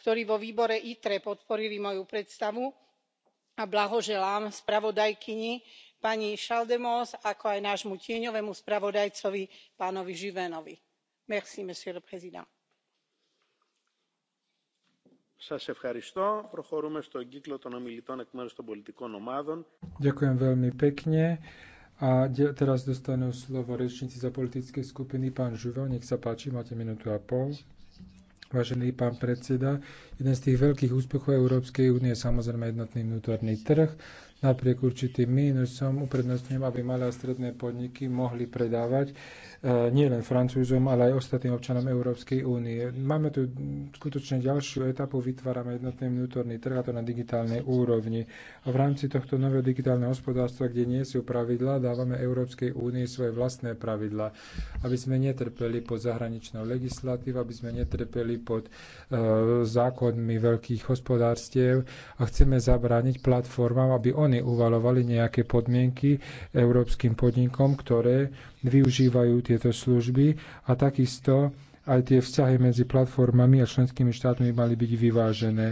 ktorí vo výbore itre podporili moju predstavu a blahoželám spravodajkyni pani schaldemose ako aj nášmu tieňovému spravodajcovi pánovi juvinovi. ďakujem veľmi pekne a teraz dostanú slovo rečníci za politické skupiny pán juvin nech sa páči máte minútu a pol. Vážený pán predseda, jeden z tých veľkých úspechov Európskej únie je samozrejme jednotný vnútorný trh. Napriek určitým mínusom uprednostňujem, aby malé a stredné podniky mohli predávať E, nielen Francúzom, ale aj ostatným občanom Európskej únie. Máme tu skutočne ďalšiu etapu, vytvárame jednotný vnútorný trh a to na digitálnej úrovni. A v rámci tohto nového digitálneho hospodárstva, kde nie sú pravidlá, dávame Európskej únii svoje vlastné pravidlá, aby sme netrpeli pod zahraničnou legislatívou, aby sme netrpeli pod uh, zákonmi veľkých hospodárstiev a chceme zabrániť platformám, aby oni uvalovali nejaké podmienky európskym podnikom, ktoré využívajú tieto služby a takisto aj tie vzťahy medzi platformami a členskými štátmi mali byť vyvážené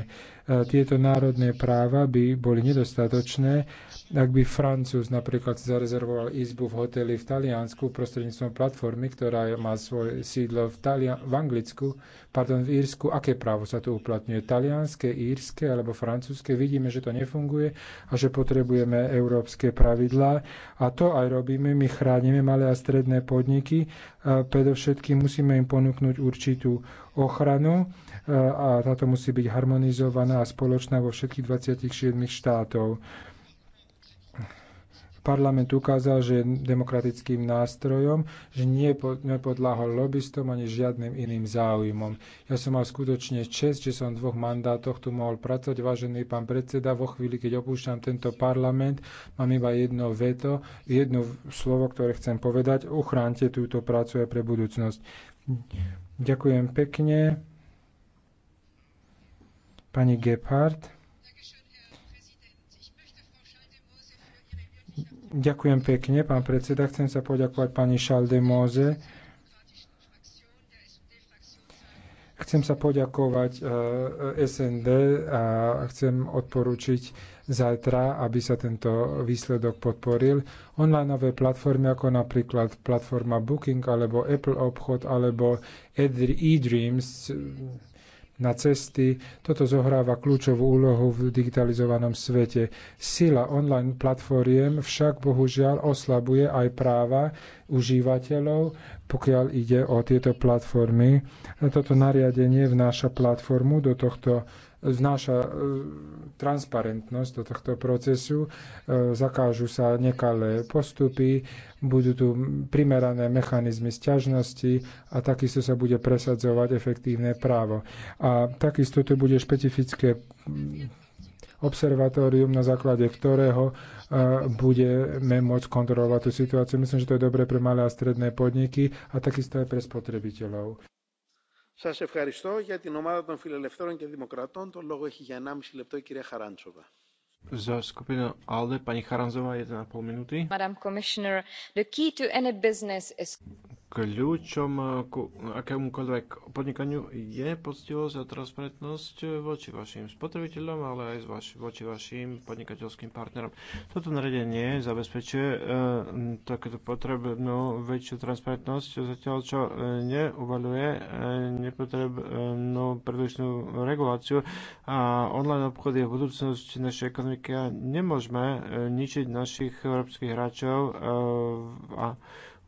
tieto národné práva by boli nedostatočné, ak by Francúz napríklad zarezervoval izbu v hoteli v Taliansku prostredníctvom platformy, ktorá má svoje sídlo v, Talia- v Anglicku, pardon, v Írsku, aké právo sa tu uplatňuje? Talianské, írske alebo francúzske? Vidíme, že to nefunguje a že potrebujeme európske pravidlá. A to aj robíme, my chránime malé a stredné podniky, predovšetkým musíme im ponúknuť určitú ochranu a táto musí byť harmonizovaná a spoločná vo všetkých 27 štátov. Parlament ukázal, že je demokratickým nástrojom, že nie nepodláhol lobbystom ani žiadnym iným záujmom. Ja som mal skutočne čest, že som v dvoch mandátoch tu mohol pracovať, vážený pán predseda. Vo chvíli, keď opúšťam tento parlament, mám iba jedno veto, jedno slovo, ktoré chcem povedať. Uchránte túto prácu aj pre budúcnosť. Ďakujem pekne. Pani Gebhardt. Ďakujem pekne, pán predseda. Chcem sa poďakovať pani Šaldemóze. Chcem sa poďakovať e, e, SND a chcem odporučiť zajtra, aby sa tento výsledok podporil. Onlineové platformy ako napríklad platforma Booking alebo Apple Obchod alebo eDreams na cesty. Toto zohráva kľúčovú úlohu v digitalizovanom svete. Sila online platformiem však bohužiaľ oslabuje aj práva užívateľov, pokiaľ ide o tieto platformy. Toto nariadenie vnáša platformu do tohto vnáša e, transparentnosť do tohto procesu, e, zakážu sa nekalé postupy, budú tu primerané mechanizmy sťažnosti a takisto sa bude presadzovať efektívne právo. A takisto tu bude špecifické mm, observatórium, na základe ktorého e, budeme môcť kontrolovať tú situáciu. Myslím, že to je dobre pre malé a stredné podniky a takisto aj pre spotrebiteľov σας ευχαριστώ. για την ομάδα των φιλελευθέρων και δημοκρατών το λόγο έχει για 1,5 λεπτό η κυρία Χαράντσοβα. Za skupinu ALDE pani Charanzová 1,5 minúty. Madam Commissioner, the key to any business is... Kľúčom ku akémukoľvek podnikaniu je poctivosť a transparentnosť voči vašim spotrebiteľom, ale aj vaš, voči vašim podnikateľským partnerom. Toto naredenie zabezpečuje e, takéto potrebnú väčšiu transparentnosť, zatiaľ čo e, neuvaľuje e, nepotrebnú prílišnú reguláciu a online obchod je v budúcnosti našej ekonomiky ekonomiky a nemôžeme e, ničiť našich európskych hráčov e, a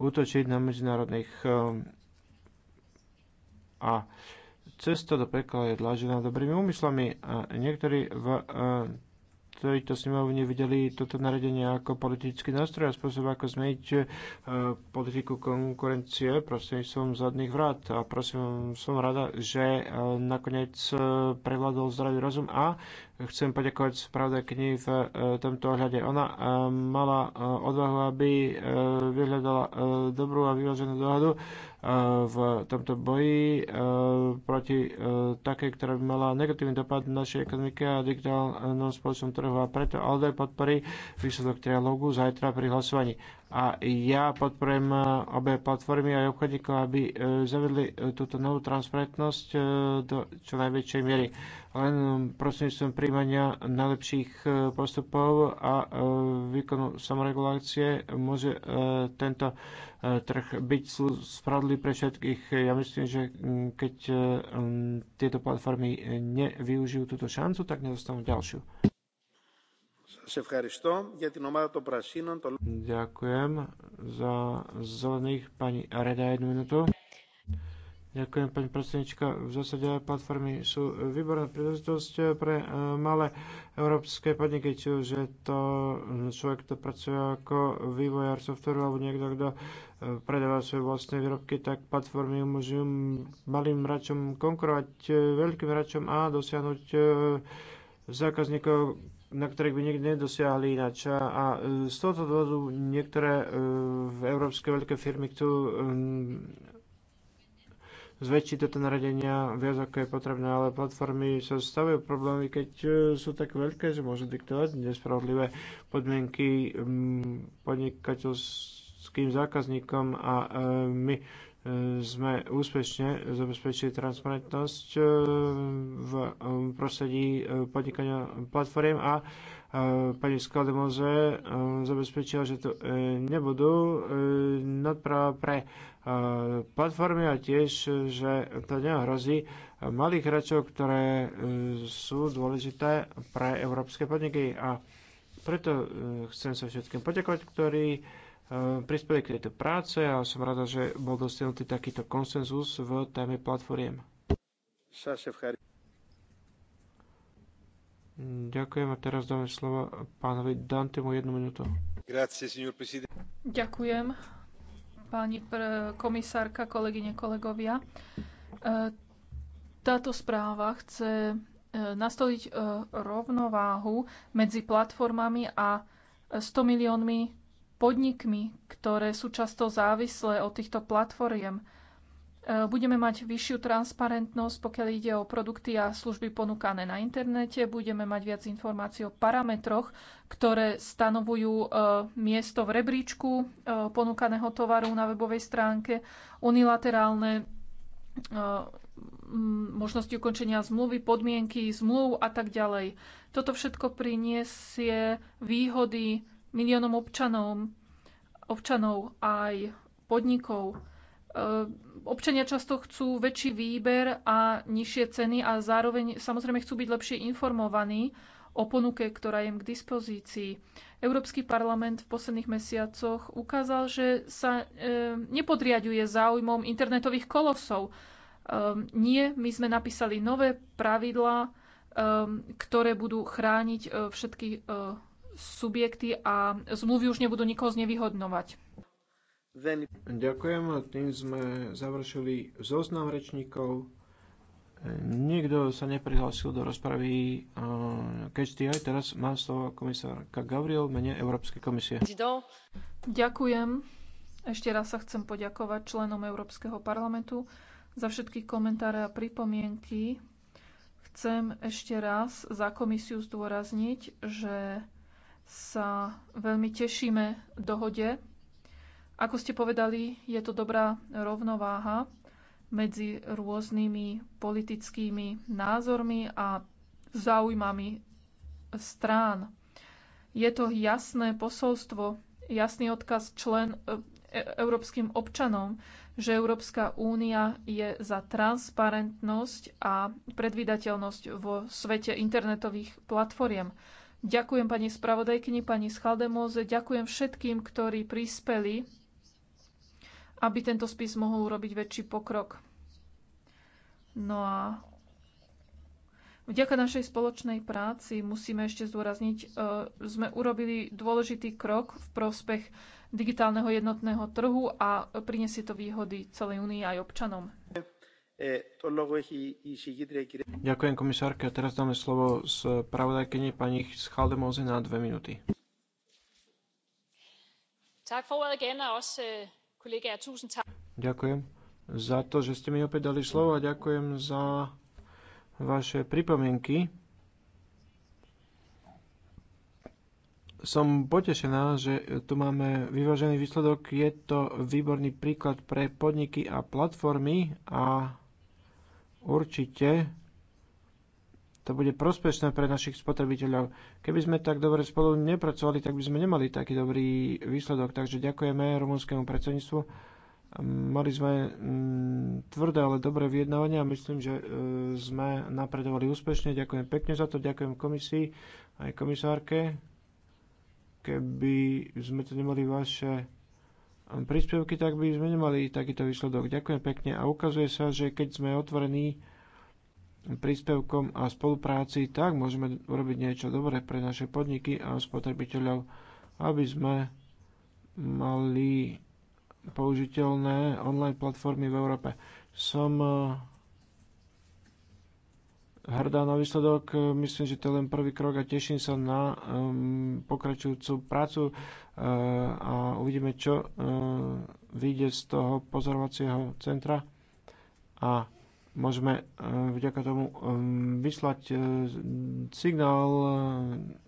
útočiť na medzinárodných. E, a cesta do pekla je dlažená dobrými úmyslami. A niektorí v tejto snemovne videli toto naredenie ako politický nástroj a spôsob, ako zmeniť e, politiku konkurencie prostredníctvom zadných vrát. A prosím, som rada, že e, nakoniec e, prevládol zdravý rozum a chcem poďakovať spravde knihy v e, tomto ohľade. Ona e, mala e, odvahu, aby vyhľadala dobrú a vyváženú dohodu v tomto boji proti takej, ktorá by mala negatívny dopad na našej ekonomike a digitálnom spoločnom trhu a preto ALDE podporí výsledok trialógu zajtra pri hlasovaní. A ja podporujem e, obe platformy aj obchodníkov, aby e, zavedli e, túto novú transparentnosť do čo najväčšej miery. Len prosím som príjmania najlepších postupov a výkonu samoregulácie môže tento trh byť spravodlivý pre všetkých. Ja myslím, že keď tieto platformy nevyužijú túto šancu, tak nedostanú ďalšiu. Ďakujem za zelených pani Reda jednu minútu. Ďakujem, pani predsednička. V zásade platformy sú výborná príležitosť pre eh, malé európske podniky, či už je to hm, človek, kto pracuje ako vývojár softveru alebo niekto, kto eh, predáva svoje vlastné výrobky, tak platformy umožňujú malým hráčom konkurovať eh, veľkým hráčom a dosiahnuť zákazníkov, na ktorých by nikdy nedosiahli ináč. A z tohoto dôvodu niektoré e, v európske veľké firmy chcú e, zväčšiť toto naradenia viac ako je potrebné, ale platformy sa stavajú problémy, keď e, sú tak veľké, že môžu diktovať nespravodlivé podmienky podnikateľským zákazníkom a my sme úspešne zabezpečili transparentnosť e, v e, prostredí e, podnikania platform a pani Skaldemoze zabezpečila, že to nebudú nadprava pre platformy a tiež, že to neohrozí malých hráčov, ktoré sú dôležité pre európske podniky a preto chcem sa všetkým poďakovať, ktorí Ehm, prispeli k tejto práce a som rada, že bol dosiahnutý takýto konsenzus v téme platformiem. Ďakujem a teraz dáme slovo pánovi Dantemu jednu minútu. Ďakujem, pani komisárka, kolegyne, kolegovia. Ehm, táto správa chce e, nastoliť e, rovnováhu medzi platformami a 100 e, miliónmi podnikmi, ktoré sú často závislé od týchto platformiem. E, budeme mať vyššiu transparentnosť, pokiaľ ide o produkty a služby ponúkané na internete. Budeme mať viac informácií o parametroch, ktoré stanovujú e, miesto v rebríčku e, ponúkaného tovaru na webovej stránke, unilaterálne možnosti ukončenia zmluvy, podmienky zmluv a tak ďalej. Toto všetko priniesie výhody miliónom občanov, občanov aj podnikov. E, občania často chcú väčší výber a nižšie ceny a zároveň samozrejme chcú byť lepšie informovaní o ponuke, ktorá je im k dispozícii. Európsky parlament v posledných mesiacoch ukázal, že sa e, nepodriaduje záujmom internetových kolosov. E, nie, my sme napísali nové pravidlá, e, ktoré budú chrániť e, všetky e, subjekty a zmluvy už nebudú nikoho znevýhodnovať. Ďakujem, tým sme završili zoznam rečníkov. Nikto sa neprihlásil do rozpravy Keď ste aj. Teraz má slovo komisárka Gabriel v mene Európskej komisie. Ďakujem. Ešte raz sa chcem poďakovať členom Európskeho parlamentu za všetky komentáre a pripomienky. Chcem ešte raz za komisiu zdôrazniť, že sa veľmi tešíme dohode. Ako ste povedali, je to dobrá rovnováha medzi rôznymi politickými názormi a záujmami strán. Je to jasné posolstvo, jasný odkaz člen, e, e európskym občanom, že Európska únia je za transparentnosť a predvydateľnosť vo svete internetových platformiem. Ďakujem pani spravodajkyni, pani Schaldemoze, ďakujem všetkým, ktorí prispeli, aby tento spis mohol urobiť väčší pokrok. No a vďaka našej spoločnej práci musíme ešte zdôrazniť, e, sme urobili dôležitý krok v prospech digitálneho jednotného trhu a priniesie to výhody celej únii aj občanom. Ďakujem komisárke a teraz dáme slovo s pravodajkyni pani Schaldemose na dve minúty. Øh, ďakujem za to, že ste mi opäť dali slovo a ďakujem za vaše pripomienky. som potešená, že tu máme vyvážený výsledok. Je to výborný príklad pre podniky a platformy a určite to bude prospešné pre našich spotrebiteľov. Keby sme tak dobre spolu nepracovali, tak by sme nemali taký dobrý výsledok. Takže ďakujeme rumunskému predsedníctvu. Mali sme mm, tvrdé, ale dobré vyjednávania a myslím, že e, sme napredovali úspešne. Ďakujem pekne za to, ďakujem komisii aj komisárke. Keby sme to nemali vaše príspevky, tak by sme nemali takýto výsledok. Ďakujem pekne a ukazuje sa, že keď sme otvorení príspevkom a spolupráci, tak môžeme urobiť niečo dobré pre naše podniky a spotrebiteľov, aby sme mali použiteľné online platformy v Európe. Som hrdá na výsledok. E, myslím, že to je len prvý krok a teším sa na um, pokračujúcu prácu uh, a uvidíme, čo uh, vyjde z toho pozorovacieho centra a môžeme uh, vďaka tomu um, vyslať uh, signál uh,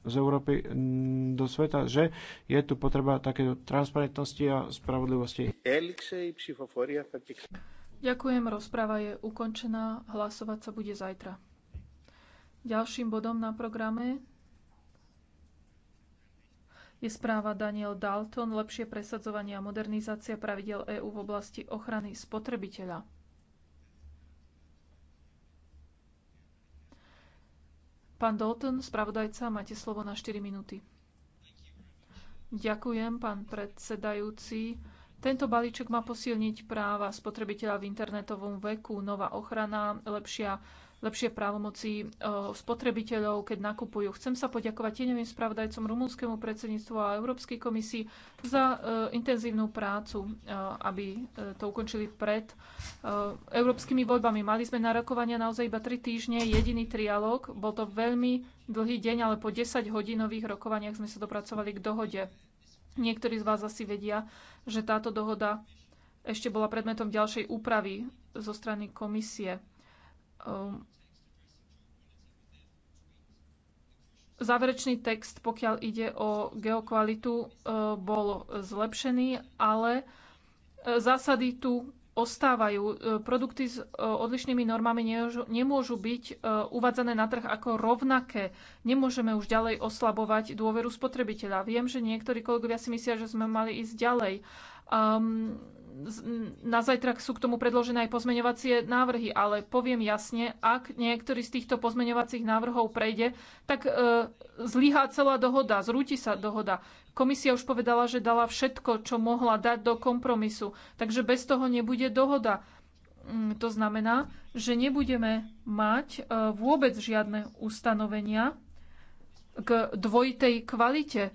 z Európy um, do sveta, že je tu potreba takéto transparentnosti a spravodlivosti. Ďakujem, rozpráva je ukončená, hlasovať sa bude zajtra. Ďalším bodom na programe je správa Daniel Dalton lepšie presadzovanie a modernizácia pravidel EÚ v oblasti ochrany spotrebiteľa. Pán Dalton, spravodajca, máte slovo na 4 minúty. Ďakujem, pán predsedajúci. Tento balíček má posilniť práva spotrebiteľa v internetovom veku, nová ochrana, lepšia lepšie právomoci eh, spotrebiteľov, keď nakupujú. Chcem sa poďakovať tieňovým spravodajcom rumúnskému predsedníctvu a Európskej komisii za eh, intenzívnu prácu, eh, aby to ukončili pred európskymi voľbami. Mali sme narokovania naozaj iba 3 týždne, jediný trialóg. Bol to veľmi dlhý deň, ale po 10 hodinových rokovaniach sme sa dopracovali k dohode. Niektorí z vás asi vedia, že táto dohoda ešte bola predmetom ďalšej úpravy zo strany komisie. Um, záverečný text, pokiaľ ide o geokvalitu, uh, bol zlepšený, ale uh, zásady tu ostávajú. Uh, produkty s odlišnými normami nemôžu byť uvádzané na trh ako rovnaké. Nemôžeme už ďalej oslabovať dôveru spotrebiteľa. Viem, že niektorí kolegovia si myslia, že sme mali ísť ďalej, Um, na zajtrak sú k tomu predložené aj pozmeňovacie návrhy, ale poviem jasne, ak niektorý z týchto pozmeňovacích návrhov prejde, tak e, zlyhá celá dohoda, zrúti sa dohoda. Komisia už povedala, že dala všetko, čo mohla dať do kompromisu, takže bez toho nebude dohoda. Mm, to znamená, že nebudeme mať e, vôbec žiadne ustanovenia k dvojitej kvalite.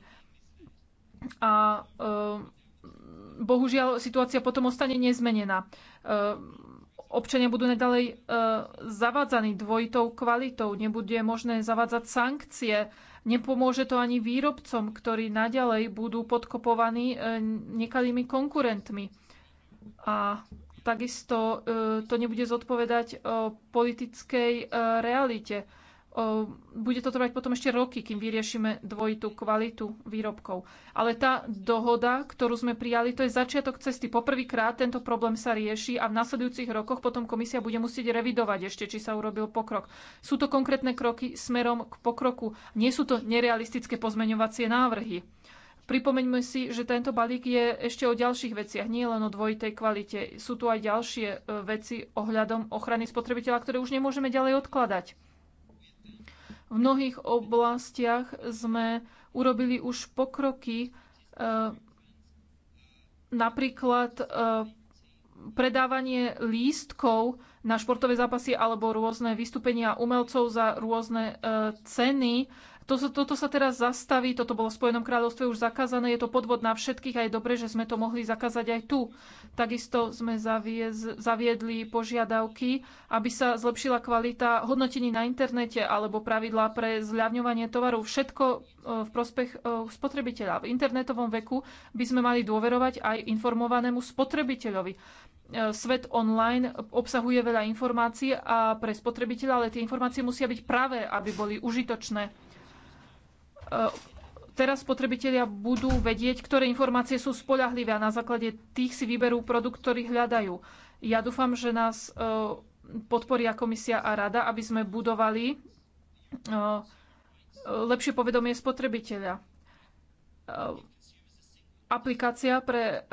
A e, bohužiaľ situácia potom ostane nezmenená. E, občania budú nedalej e, zavádzaní dvojitou kvalitou, nebude možné zavádzať sankcie, nepomôže to ani výrobcom, ktorí naďalej budú podkopovaní e, nekalými konkurentmi. A takisto to nebude zodpovedať politickej realite bude to trvať potom ešte roky, kým vyriešime dvojitú kvalitu výrobkov. Ale tá dohoda, ktorú sme prijali, to je začiatok cesty. Poprvýkrát tento problém sa rieši a v nasledujúcich rokoch potom komisia bude musieť revidovať ešte, či sa urobil pokrok. Sú to konkrétne kroky smerom k pokroku. Nie sú to nerealistické pozmeňovacie návrhy. Pripomeňme si, že tento balík je ešte o ďalších veciach, nie len o dvojitej kvalite. Sú tu aj ďalšie e, veci ohľadom ochrany spotrebiteľa, ktoré už nemôžeme ďalej odkladať. V mnohých oblastiach sme urobili už pokroky, e, napríklad e, predávanie lístkov na športové zápasy alebo rôzne vystúpenia umelcov za rôzne e, ceny toto, toto sa teraz zastaví, toto bolo v Spojenom kráľovstve už zakázané, je to podvod na všetkých a je dobre, že sme to mohli zakázať aj tu. Takisto sme zaviez, zaviedli požiadavky, aby sa zlepšila kvalita hodnotení na internete alebo pravidlá pre zľavňovanie tovarov. Všetko e, v prospech e, spotrebiteľa. V internetovom veku by sme mali dôverovať aj informovanému spotrebiteľovi e, svet online obsahuje veľa informácií a pre spotrebiteľa, ale tie informácie musia byť práve, aby boli užitočné. E, teraz spotrebitelia budú vedieť, ktoré informácie sú spoľahlivé a na základe tých si vyberú produkt, ktorý hľadajú. Ja dúfam, že nás e, podporia komisia a rada, aby sme budovali e, lepšie povedomie spotrebiteľa. Aplikácia pre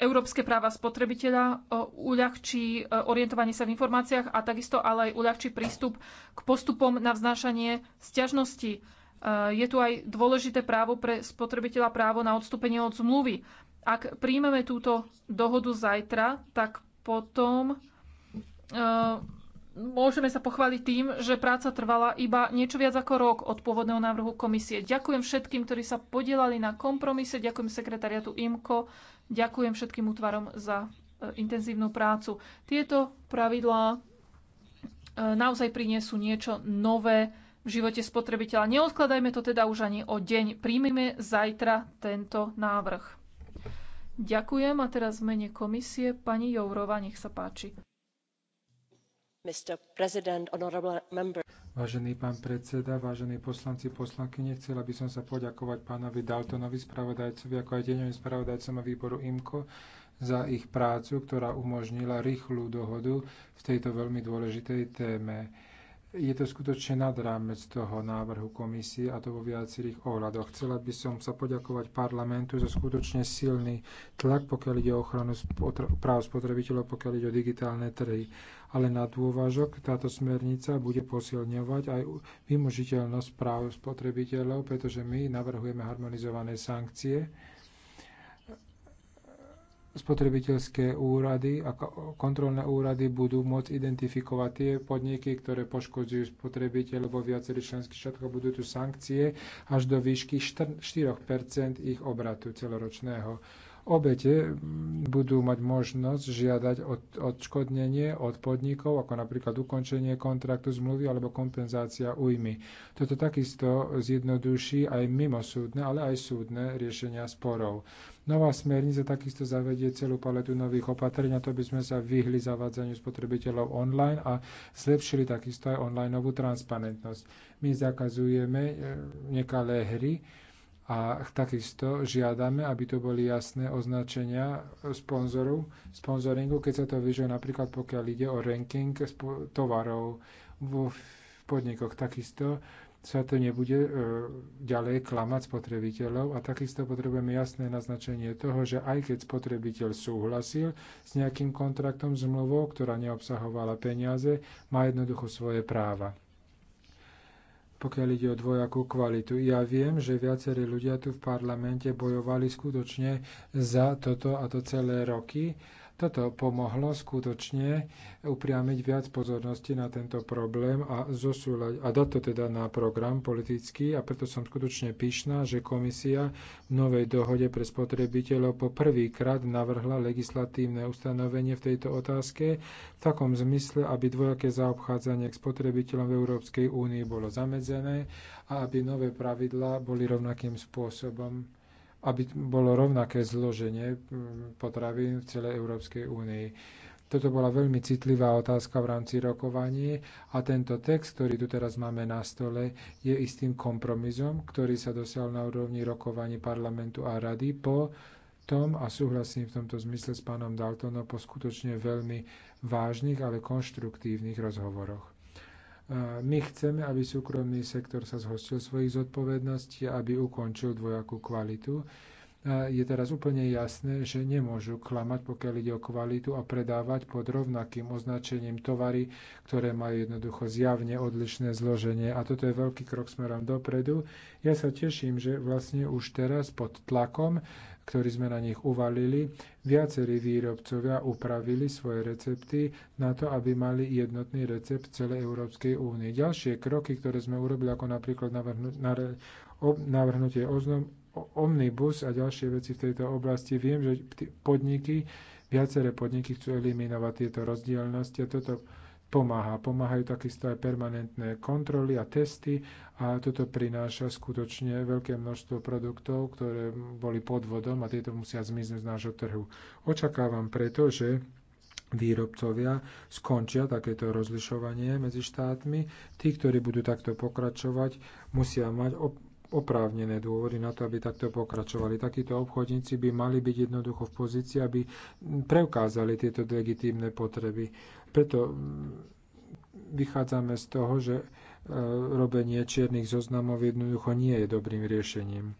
európske práva spotrebiteľa uľahčí orientovanie sa v informáciách a takisto ale aj uľahčí prístup k postupom na vznášanie sťažnosti Eh, je tu aj dôležité právo pre spotrebiteľa právo na odstúpenie od zmluvy. Ak príjmeme túto dohodu zajtra, tak potom eh, môžeme sa pochváliť tým, že práca trvala iba niečo viac ako rok od pôvodného návrhu komisie. Ďakujem všetkým, ktorí sa podielali na kompromise, ďakujem sekretariatu IMKO, ďakujem všetkým útvarom za eh, intenzívnu prácu. Tieto pravidlá naozaj priniesú niečo nové v živote spotrebiteľa. Neodkladajme to teda už ani o deň. Príjmime zajtra tento návrh. Ďakujem a teraz v mene komisie pani Jourova, nech sa páči. Vážený pán predseda, vážení poslanci, poslanky, chcela by som sa poďakovať pánovi Daltonovi, spravodajcovi, ako aj deňovým spravodajcom a výboru IMCO za ich prácu, ktorá umožnila rýchlu dohodu v tejto veľmi dôležitej téme je to skutočne nad rámec toho návrhu komisie a to vo viacerých ohľadoch. Chcela by som sa poďakovať parlamentu za skutočne silný tlak, pokiaľ ide o ochranu práv spotrebiteľov, pokiaľ ide o digitálne trhy. Ale na dôvažok táto smernica bude posilňovať aj vymožiteľnosť práv spotrebiteľov, pretože my navrhujeme harmonizované sankcie, spotrebiteľské úrady a kontrolné úrady budú môcť identifikovať tie podniky, ktoré poškodzujú spotrebiteľ, lebo viacerých členských štátov budú tu sankcie až do výšky 4 ich obratu celoročného. Obete budú mať možnosť žiadať od, odškodnenie od podnikov, ako napríklad ukončenie kontraktu zmluvy alebo kompenzácia újmy. Toto takisto zjednoduší aj mimosúdne, ale aj súdne riešenia sporov. Nová smernica takisto zavedie celú paletu nových opatrení, a to by sme sa vyhli zavádzaniu spotrebiteľov online a zlepšili takisto aj online novú transparentnosť. My zakazujeme e, nekalé hry, a takisto žiadame, aby to boli jasné označenia sponzorov, sponzoringu, keď sa to vyžuje napríklad pokiaľ ide o ranking tovarov vo podnikoch. Takisto sa to nebude e, ďalej klamať spotrebiteľov a takisto potrebujeme jasné naznačenie toho, že aj keď spotrebiteľ súhlasil s nejakým kontraktom, zmluvou, ktorá neobsahovala peniaze, má jednoducho svoje práva. Pokiaľ ide o dvojakú kvalitu, ja viem, že viacerí ľudia tu v parlamente bojovali skutočne za toto a to celé roky toto pomohlo skutočne upriamiť viac pozornosti na tento problém a, zosúľať, a dať to teda na program politický a preto som skutočne pyšná, že komisia v novej dohode pre spotrebiteľov po prvýkrát navrhla legislatívne ustanovenie v tejto otázke v takom zmysle, aby dvojaké zaobchádzanie k spotrebiteľom v Európskej únii bolo zamedzené a aby nové pravidlá boli rovnakým spôsobom aby bolo rovnaké zloženie mm, potravín v celej Európskej únii. Toto bola veľmi citlivá otázka v rámci rokovaní a tento text, ktorý tu teraz máme na stole, je istým kompromisom, ktorý sa dosiahol na úrovni rokovaní parlamentu a rady po tom, a súhlasím v tomto zmysle s pánom Daltonom, po skutočne veľmi vážnych, ale konštruktívnych rozhovoroch. My chceme, aby súkromný sektor sa zhostil svojich zodpovedností, aby ukončil dvojakú kvalitu. Je teraz úplne jasné, že nemôžu klamať, pokiaľ ide o kvalitu a predávať pod rovnakým označením tovary, ktoré majú jednoducho zjavne odlišné zloženie. A toto je veľký krok smerom dopredu. Ja sa teším, že vlastne už teraz pod tlakom ktorý sme na nich uvalili, viacerí výrobcovia upravili svoje recepty na to, aby mali jednotný recept celej Európskej únie. Ďalšie kroky, ktoré sme urobili, ako napríklad navrhnutie oznom, omnibus a ďalšie veci v tejto oblasti, viem, že podniky, viaceré podniky chcú eliminovať tieto rozdielnosti a toto pomáha. Pomáhajú takisto aj permanentné kontroly a testy a toto prináša skutočne veľké množstvo produktov, ktoré boli pod vodom a tieto musia zmiznúť z nášho trhu. Očakávam preto, že výrobcovia skončia takéto rozlišovanie medzi štátmi. Tí, ktorí budú takto pokračovať, musia mať oprávnené dôvody na to, aby takto pokračovali. Takíto obchodníci by mali byť jednoducho v pozícii, aby preukázali tieto legitímne potreby. Preto mm, vychádzame z toho, že e, robenie čiernych zoznamov jednoducho nie je dobrým riešením.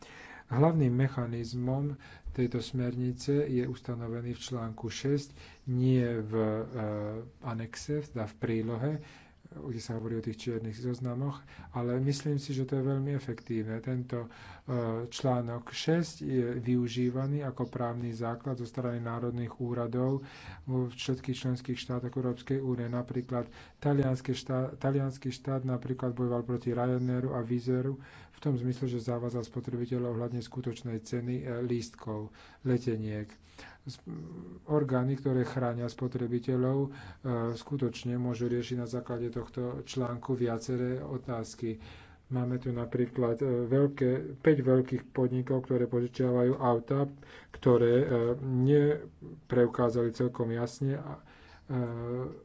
Hlavným mechanizmom tejto smernice je ustanovený v článku 6, nie v e, anexe, teda v prílohe, kde sa hovorí o tých čiernych zoznamoch, ale myslím si, že to je veľmi efektívne. Tento e, článok 6 je využívaný ako právny základ zo strany národných úradov vo všetkých členských štátoch Európskej únie. Napríklad talianský štát, talianský štát napríklad bojoval proti Ryanairu a Vizeru v tom zmysle, že zavázal spotrebiteľov hľadne skutočnej ceny e, lístkov, leteniek. Mm, orgány, ktoré chránia spotrebiteľov, e, skutočne môžu riešiť na základe tohto článku viaceré otázky. Máme tu napríklad e, veľké, 5 veľkých podnikov, ktoré požičiavajú auta, ktoré nepreukázali celkom jasne a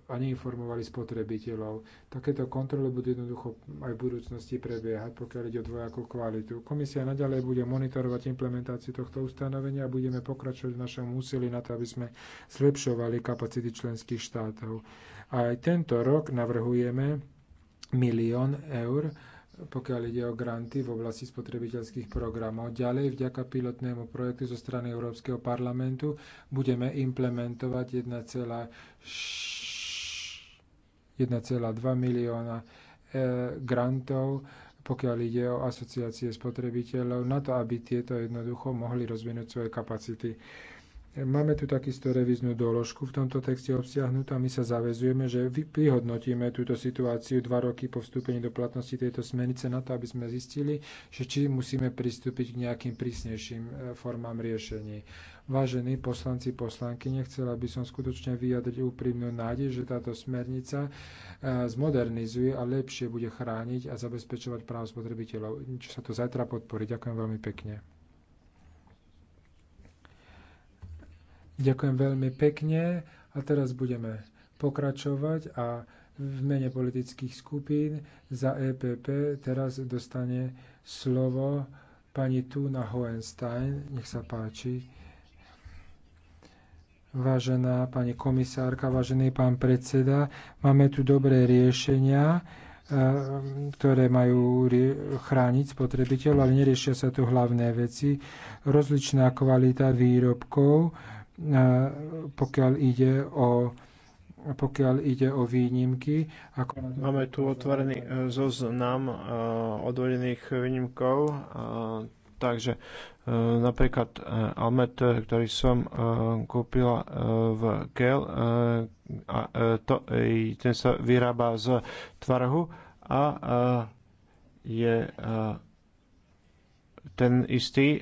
a neinformovali spotrebiteľov. Takéto kontroly budú jednoducho aj v budúcnosti prebiehať, pokiaľ ide o dvojakú kvalitu. Komisia naďalej bude monitorovať implementáciu tohto ustanovenia a budeme pokračovať v našom úsilí na to, aby sme zlepšovali kapacity členských štátov. Aj tento rok navrhujeme milión eur pokiaľ ide o granty v oblasti spotrebiteľských programov. Ďalej, vďaka pilotnému projektu zo strany Európskeho parlamentu budeme implementovať 1,2 milióna e, grantov, pokiaľ ide o asociácie spotrebiteľov, na to, aby tieto jednoducho mohli rozvinúť svoje kapacity. Máme tu takisto revíznu doložku v tomto texte obsiahnutú a my sa zavezujeme, že vyhodnotíme túto situáciu dva roky po vstúpení do platnosti tejto smernice na to, aby sme zistili, že či musíme pristúpiť k nejakým prísnejším e, formám riešení. Vážení poslanci, poslanky, nechcela by som skutočne vyjadriť úprimnú nádej, že táto smernica e, zmodernizuje a lepšie bude chrániť a zabezpečovať práv spotrebiteľov, čo sa to zajtra podporí. Ďakujem veľmi pekne. Ďakujem veľmi pekne a teraz budeme pokračovať a v mene politických skupín za EPP teraz dostane slovo pani Tuna Hohenstein. Nech sa páči. Vážená pani komisárka, vážený pán predseda, máme tu dobré riešenia, eh, ktoré majú chrániť spotrebiteľov, ale neriešia sa tu hlavné veci. Rozličná kvalita výrobkov, E, pokiaľ ide o pokiaľ ide o výnimky. Ako... Máme tu otvorený e, zoznam e, odvodených výnimkov, takže napríklad Almet, ktorý som kúpil v Kel, a to, ten sa vyrába z tvarhu a je ten istý, e,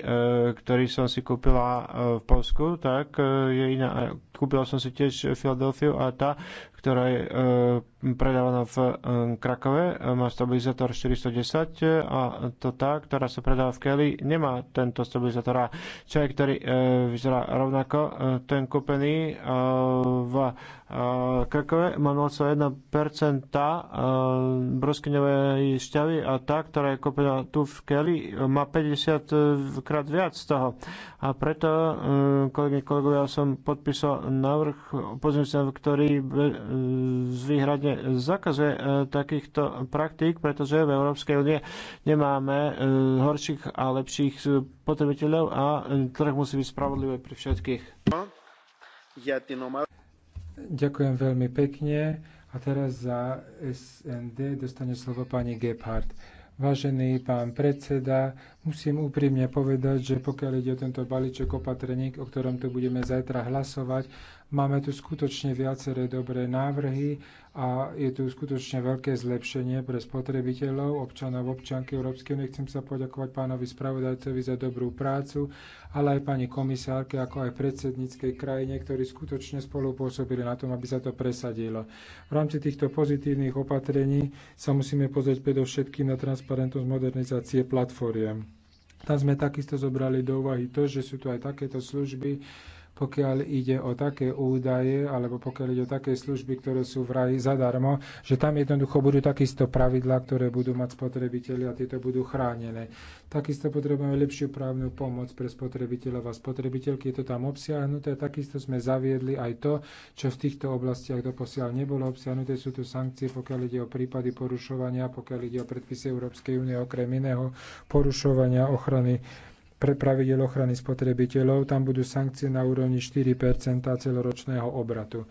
ktorý som si kúpila e, v Polsku, tak e, je iná. Kúpila som si tiež Filadelfiu a tá ktorá je e, predávaná v e, Krakove, e, má stabilizátor 410 a to tá, ktorá sa predáva v Kelly, nemá tento stabilizátor. A človek, ktorý vyzerá rovnako, ten kúpený v Krakove má 0,1% broskyňovej šťavy a tá, ktorá je kúpená tu v Kelly, má 50 krát viac z toho. A preto, kolegy, kolegovia, som podpísal návrh, pozrieme sa, ktorý výhradne zakazuje e, takýchto praktík, pretože v Európskej únie nemáme e, horších a lepších potrebiteľov a e, trh musí byť spravodlivý pre všetkých. Ďakujem veľmi pekne. A teraz za SND dostane slovo pani Gebhardt. Vážený pán predseda, musím úprimne povedať, že pokiaľ ide o tento balíček opatrení, o ktorom tu budeme zajtra hlasovať, Máme tu skutočne viaceré dobré návrhy a je tu skutočne veľké zlepšenie pre spotrebiteľov, občanov, občanky Európskej únie. Chcem sa poďakovať pánovi spravodajcovi za dobrú prácu, ale aj pani komisárke, ako aj predsedníckej krajine, ktorí skutočne spolupôsobili na tom, aby sa to presadilo. V rámci týchto pozitívnych opatrení sa musíme pozrieť predovšetkým na transparentnosť modernizácie platformiem. Tam sme takisto zobrali do úvahy to, že sú tu aj takéto služby, pokiaľ ide o také údaje alebo pokiaľ ide o také služby, ktoré sú v raji zadarmo, že tam jednoducho budú takisto pravidlá, ktoré budú mať spotrebitelia a tieto budú chránené. Takisto potrebujeme lepšiu právnu pomoc pre spotrebiteľov a spotrebiteľky. Je to tam obsiahnuté. Takisto sme zaviedli aj to, čo v týchto oblastiach doposiaľ nebolo obsiahnuté. Sú tu sankcie, pokiaľ ide o prípady porušovania, pokiaľ ide o predpisy Európskej únie, okrem iného porušovania ochrany pravidel ochrany spotrebiteľov, tam budú sankcie na úrovni 4 celoročného obratu.